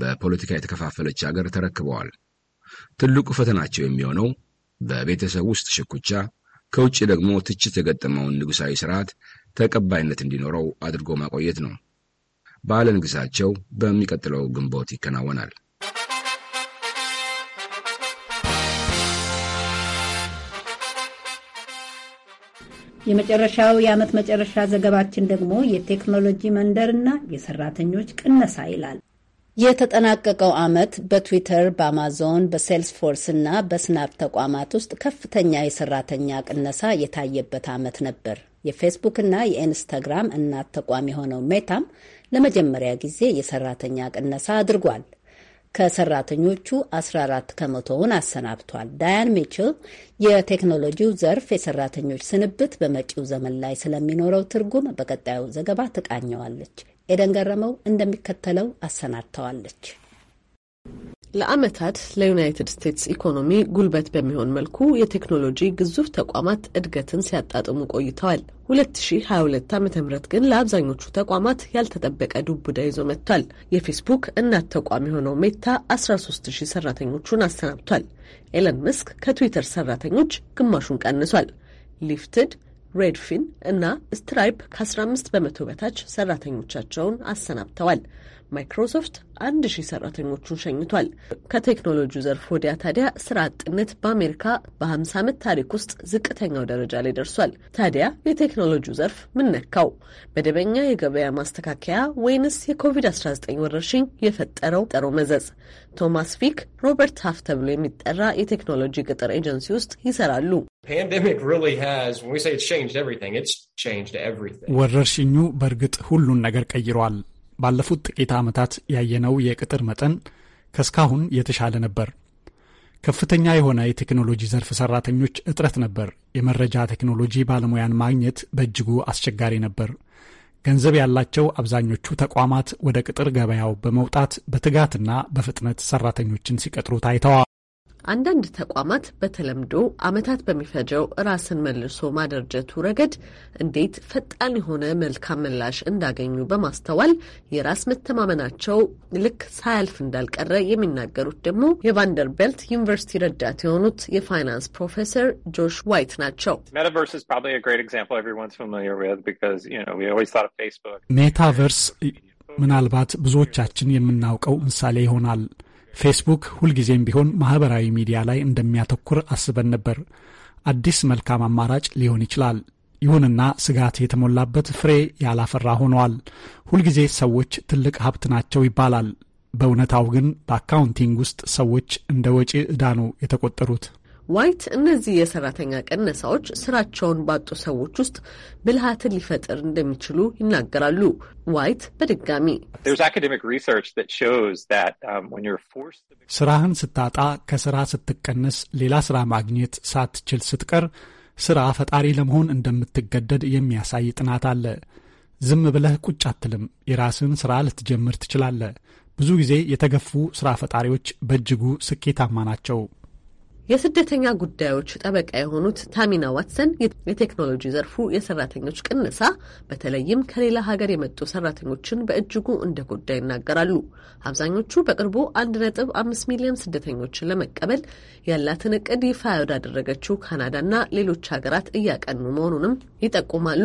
በፖለቲካ የተከፋፈለች አገር ተረክበዋል። ትልቁ ፈተናቸው የሚሆነው በቤተሰብ ውስጥ ሽኩቻ፣ ከውጭ ደግሞ ትችት የገጠመውን ንጉሣዊ ሥርዓት ተቀባይነት እንዲኖረው አድርጎ ማቆየት ነው። በዓለ ንግሣቸው በሚቀጥለው ግንቦት ይከናወናል። የመጨረሻው የዓመት መጨረሻ ዘገባችን ደግሞ የቴክኖሎጂ መንደርና የሰራተኞች ቅነሳ ይላል። የተጠናቀቀው ዓመት በትዊተር፣ በአማዞን፣ በሴልስፎርስ እና በስናፕ ተቋማት ውስጥ ከፍተኛ የሰራተኛ ቅነሳ የታየበት ዓመት ነበር። የፌስቡክ እና የኢንስታግራም እናት ተቋም የሆነው ሜታም ለመጀመሪያ ጊዜ የሰራተኛ ቅነሳ አድርጓል። ከሰራተኞቹ 14 ከመቶውን አሰናብቷል። ዳያን ሚችል የቴክኖሎጂው ዘርፍ የሰራተኞች ስንብት በመጪው ዘመን ላይ ስለሚኖረው ትርጉም በቀጣዩ ዘገባ ትቃኘዋለች። ኤደን ገረመው እንደሚከተለው አሰናድተዋለች። ለዓመታት ለዩናይትድ ስቴትስ ኢኮኖሚ ጉልበት በሚሆን መልኩ የቴክኖሎጂ ግዙፍ ተቋማት እድገትን ሲያጣጥሙ ቆይተዋል። 2022 ዓ.ም ግን ለአብዛኞቹ ተቋማት ያልተጠበቀ ዱቡዳ ይዞ መጥቷል። የፌስቡክ እናት ተቋም የሆነው ሜታ 13000 ሰራተኞቹን አሰናብቷል። ኤለን መስክ ከትዊተር ሰራተኞች ግማሹን ቀንሷል። ሊፍትድ፣ ሬድፊን እና ስትራይፕ ከ15 በመቶ በታች ሰራተኞቻቸውን አሰናብተዋል። ማይክሮሶፍት አንድ ሺህ ሰራተኞቹን ሸኝቷል። ከቴክኖሎጂው ዘርፍ ወዲያ ታዲያ ስራ አጥነት በአሜሪካ በ50 ዓመት ታሪክ ውስጥ ዝቅተኛው ደረጃ ላይ ደርሷል። ታዲያ የቴክኖሎጂው ዘርፍ ምን ነካው? መደበኛ የገበያ ማስተካከያ ወይንስ የኮቪድ-19 ወረርሽኝ የፈጠረው ጠሮ መዘዝ? ቶማስ ፊክ ሮበርት ሀፍ ተብሎ የሚጠራ የቴክኖሎጂ ቅጥር ኤጀንሲ ውስጥ ይሰራሉ። ወረርሽኙ በእርግጥ ሁሉን ነገር ቀይሯል። ባለፉት ጥቂት ዓመታት ያየነው የቅጥር መጠን ከእስካሁን የተሻለ ነበር። ከፍተኛ የሆነ የቴክኖሎጂ ዘርፍ ሰራተኞች እጥረት ነበር። የመረጃ ቴክኖሎጂ ባለሙያን ማግኘት በእጅጉ አስቸጋሪ ነበር። ገንዘብ ያላቸው አብዛኞቹ ተቋማት ወደ ቅጥር ገበያው በመውጣት በትጋትና በፍጥነት ሰራተኞችን ሲቀጥሩ ታይተዋል። አንዳንድ ተቋማት በተለምዶ ዓመታት በሚፈጀው ራስን መልሶ ማደርጀቱ ረገድ እንዴት ፈጣን የሆነ መልካም ምላሽ እንዳገኙ በማስተዋል የራስ መተማመናቸው ልክ ሳያልፍ እንዳልቀረ የሚናገሩት ደግሞ የቫንደርቤልት ዩኒቨርሲቲ ረዳት የሆኑት የፋይናንስ ፕሮፌሰር ጆሽ ዋይት ናቸው። ሜታቨርስ ምናልባት ብዙዎቻችን የምናውቀው ምሳሌ ይሆናል። ፌስቡክ ሁልጊዜም ቢሆን ማህበራዊ ሚዲያ ላይ እንደሚያተኩር አስበን ነበር። አዲስ መልካም አማራጭ ሊሆን ይችላል። ይሁንና ስጋት የተሞላበት ፍሬ ያላፈራ ሆኗል። ሁልጊዜ ሰዎች ትልቅ ሀብት ናቸው ይባላል። በእውነታው ግን በአካውንቲንግ ውስጥ ሰዎች እንደ ወጪ ዕዳ ነው የተቆጠሩት። ዋይት እነዚህ የሰራተኛ ቀነሳዎች ስራቸውን ባጡ ሰዎች ውስጥ ብልሃትን ሊፈጥር እንደሚችሉ ይናገራሉ። ዋይት በድጋሚ um, ስራህን ስታጣ፣ ከስራ ስትቀነስ፣ ሌላ ስራ ማግኘት ሳትችል ስትቀር ስራ ፈጣሪ ለመሆን እንደምትገደድ የሚያሳይ ጥናት አለ። ዝም ብለህ ቁጭ አትልም። የራስን ስራ ልትጀምር ትችላለህ። ብዙ ጊዜ የተገፉ ስራ ፈጣሪዎች በእጅጉ ስኬታማ ናቸው። የስደተኛ ጉዳዮች ጠበቃ የሆኑት ታሚና ዋትሰን የቴክኖሎጂ ዘርፉ የሰራተኞች ቅነሳ በተለይም ከሌላ ሀገር የመጡ ሰራተኞችን በእጅጉ እንደጎዳ ይናገራሉ። አብዛኞቹ በቅርቡ አንድ ነጥብ አምስት ሚሊዮን ስደተኞችን ለመቀበል ያላትን እቅድ ይፋ ወዳደረገችው ካናዳና ሌሎች ሀገራት እያቀኑ መሆኑንም ይጠቁማሉ።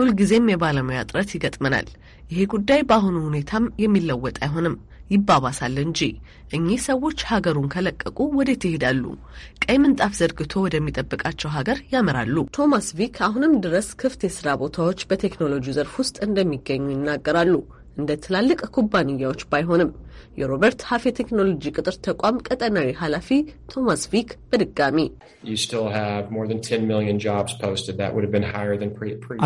ሁልጊዜም የባለሙያ እጥረት ይገጥመናል። ይሄ ጉዳይ በአሁኑ ሁኔታም የሚለወጥ አይሆንም፣ ይባባሳል እንጂ። እኚህ ሰዎች ሀገሩን ከለቀቁ ወዴት ይሄዳሉ? ቀይ ምንጣፍ ዘርግቶ ወደሚጠብቃቸው ሀገር ያመራሉ። ቶማስ ቪክ አሁንም ድረስ ክፍት የስራ ቦታዎች በቴክኖሎጂ ዘርፍ ውስጥ እንደሚገኙ ይናገራሉ። እንደ ትላልቅ ኩባንያዎች ባይሆንም የሮበርት ሀፍ የቴክኖሎጂ ቅጥር ተቋም ቀጠናዊ ኃላፊ ቶማስ ቪክ በድጋሚ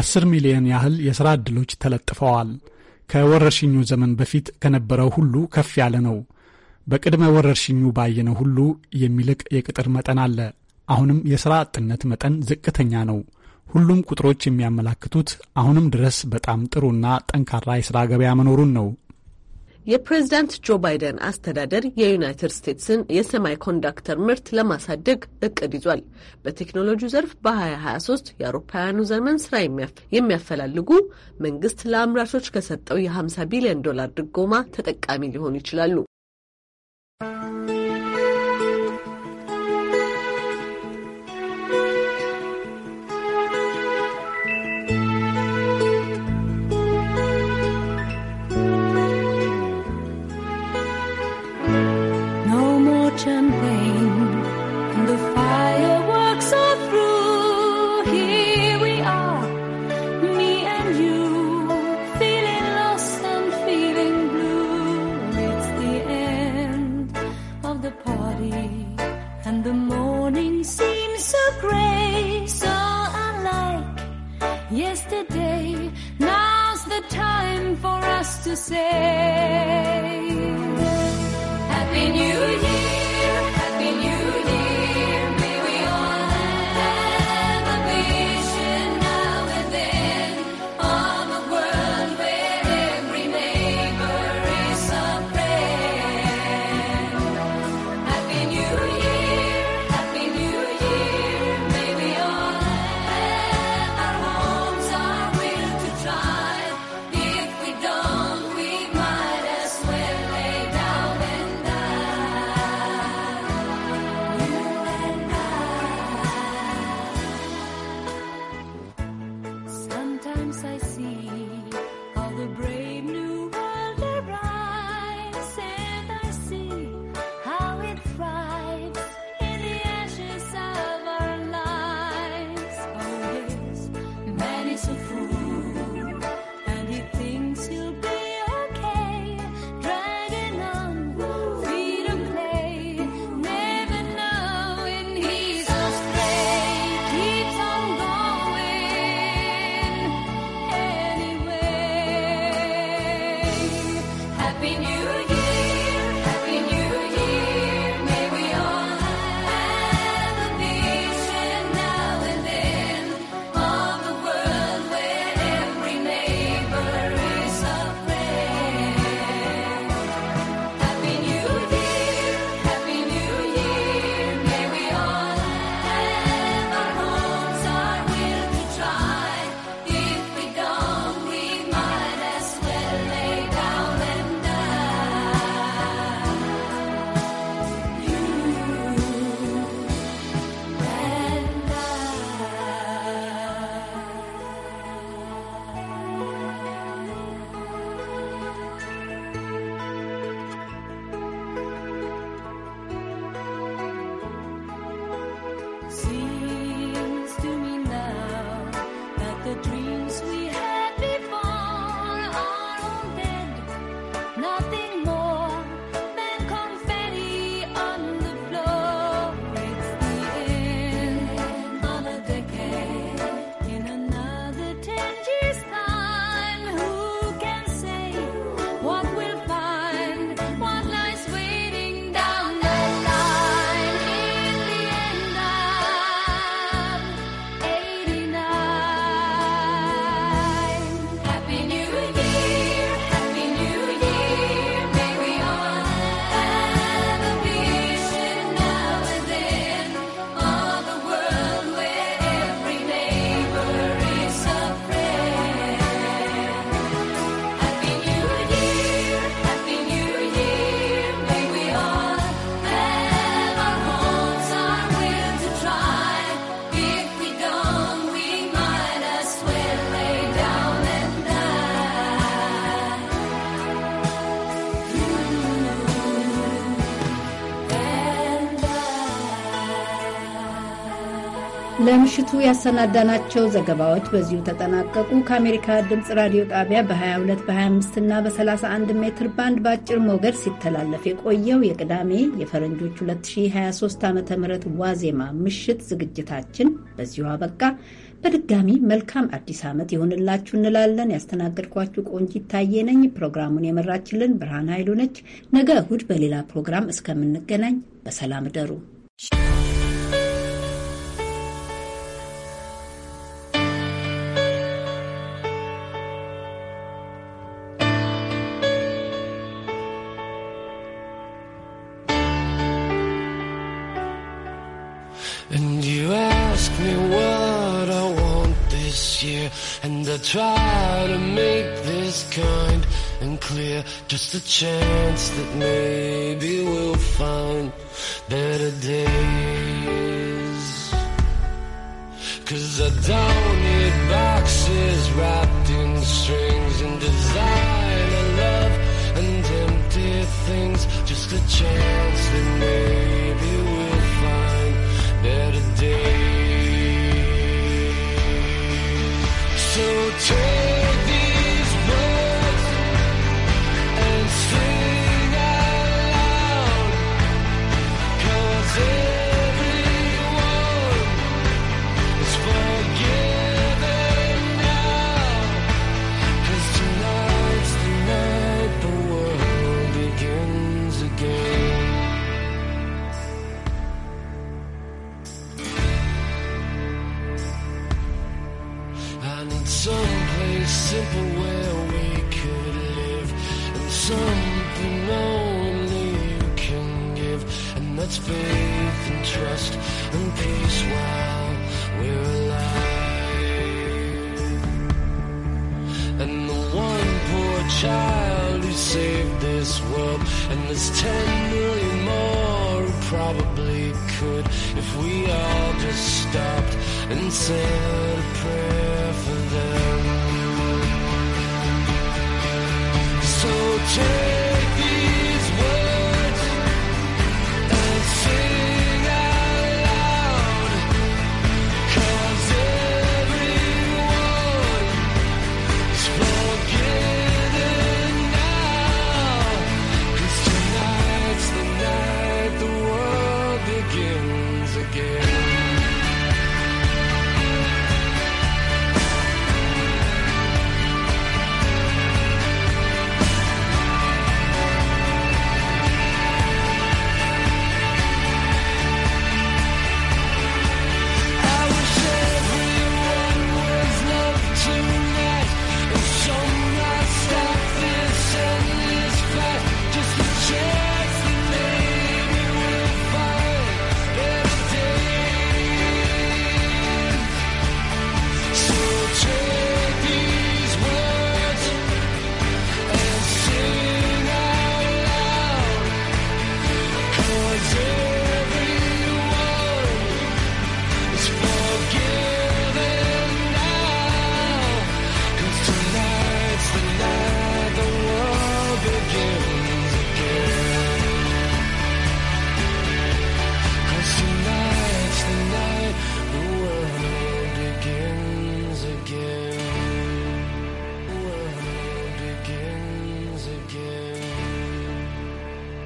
አስር ሚሊዮን ያህል የሥራ ዕድሎች ተለጥፈዋል። ከወረርሽኙ ዘመን በፊት ከነበረው ሁሉ ከፍ ያለ ነው። በቅድመ ወረርሽኙ ባየነው ሁሉ የሚልቅ የቅጥር መጠን አለ። አሁንም የሥራ አጥነት መጠን ዝቅተኛ ነው። ሁሉም ቁጥሮች የሚያመላክቱት አሁንም ድረስ በጣም ጥሩና ጠንካራ የሥራ ገበያ መኖሩን ነው። የፕሬዝዳንት ጆ ባይደን አስተዳደር የዩናይትድ ስቴትስን የሰማይ ኮንዳክተር ምርት ለማሳደግ እቅድ ይዟል። በቴክኖሎጂው ዘርፍ በ2023 የአውሮፓውያኑ ዘመን ስራ የሚያፈላልጉ መንግስት ለአምራቾች ከሰጠው የ50 ቢሊዮን ዶላር ድጎማ ተጠቃሚ ሊሆኑ ይችላሉ። for us to say. Happy New Year. ለምሽቱ ያሰናዳናቸው ዘገባዎች በዚሁ ተጠናቀቁ። ከአሜሪካ ድምፅ ራዲዮ ጣቢያ በ22 በ25 እና በ31 ሜትር ባንድ በአጭር ሞገድ ሲተላለፍ የቆየው የቅዳሜ የፈረንጆች 2023 ዓ ም ዋዜማ ምሽት ዝግጅታችን በዚሁ አበቃ። በድጋሚ መልካም አዲስ ዓመት ይሆንላችሁ እንላለን። ያስተናገድኳችሁ ቆንጂ ይታየ ነኝ። ፕሮግራሙን የመራችልን ብርሃን ኃይሉ ነች። ነገ እሁድ በሌላ ፕሮግራም እስከምንገናኝ በሰላም ደሩ። I try to make this kind and clear Just a chance that maybe we'll find better days Cause I don't need boxes wrapped in strings And design love and empty things Just a chance that maybe we'll find better days So take faith and trust and peace while we're alive. And the one poor child who saved this world, and there's ten million more who probably could if we all just stopped and said a prayer for them. So take again.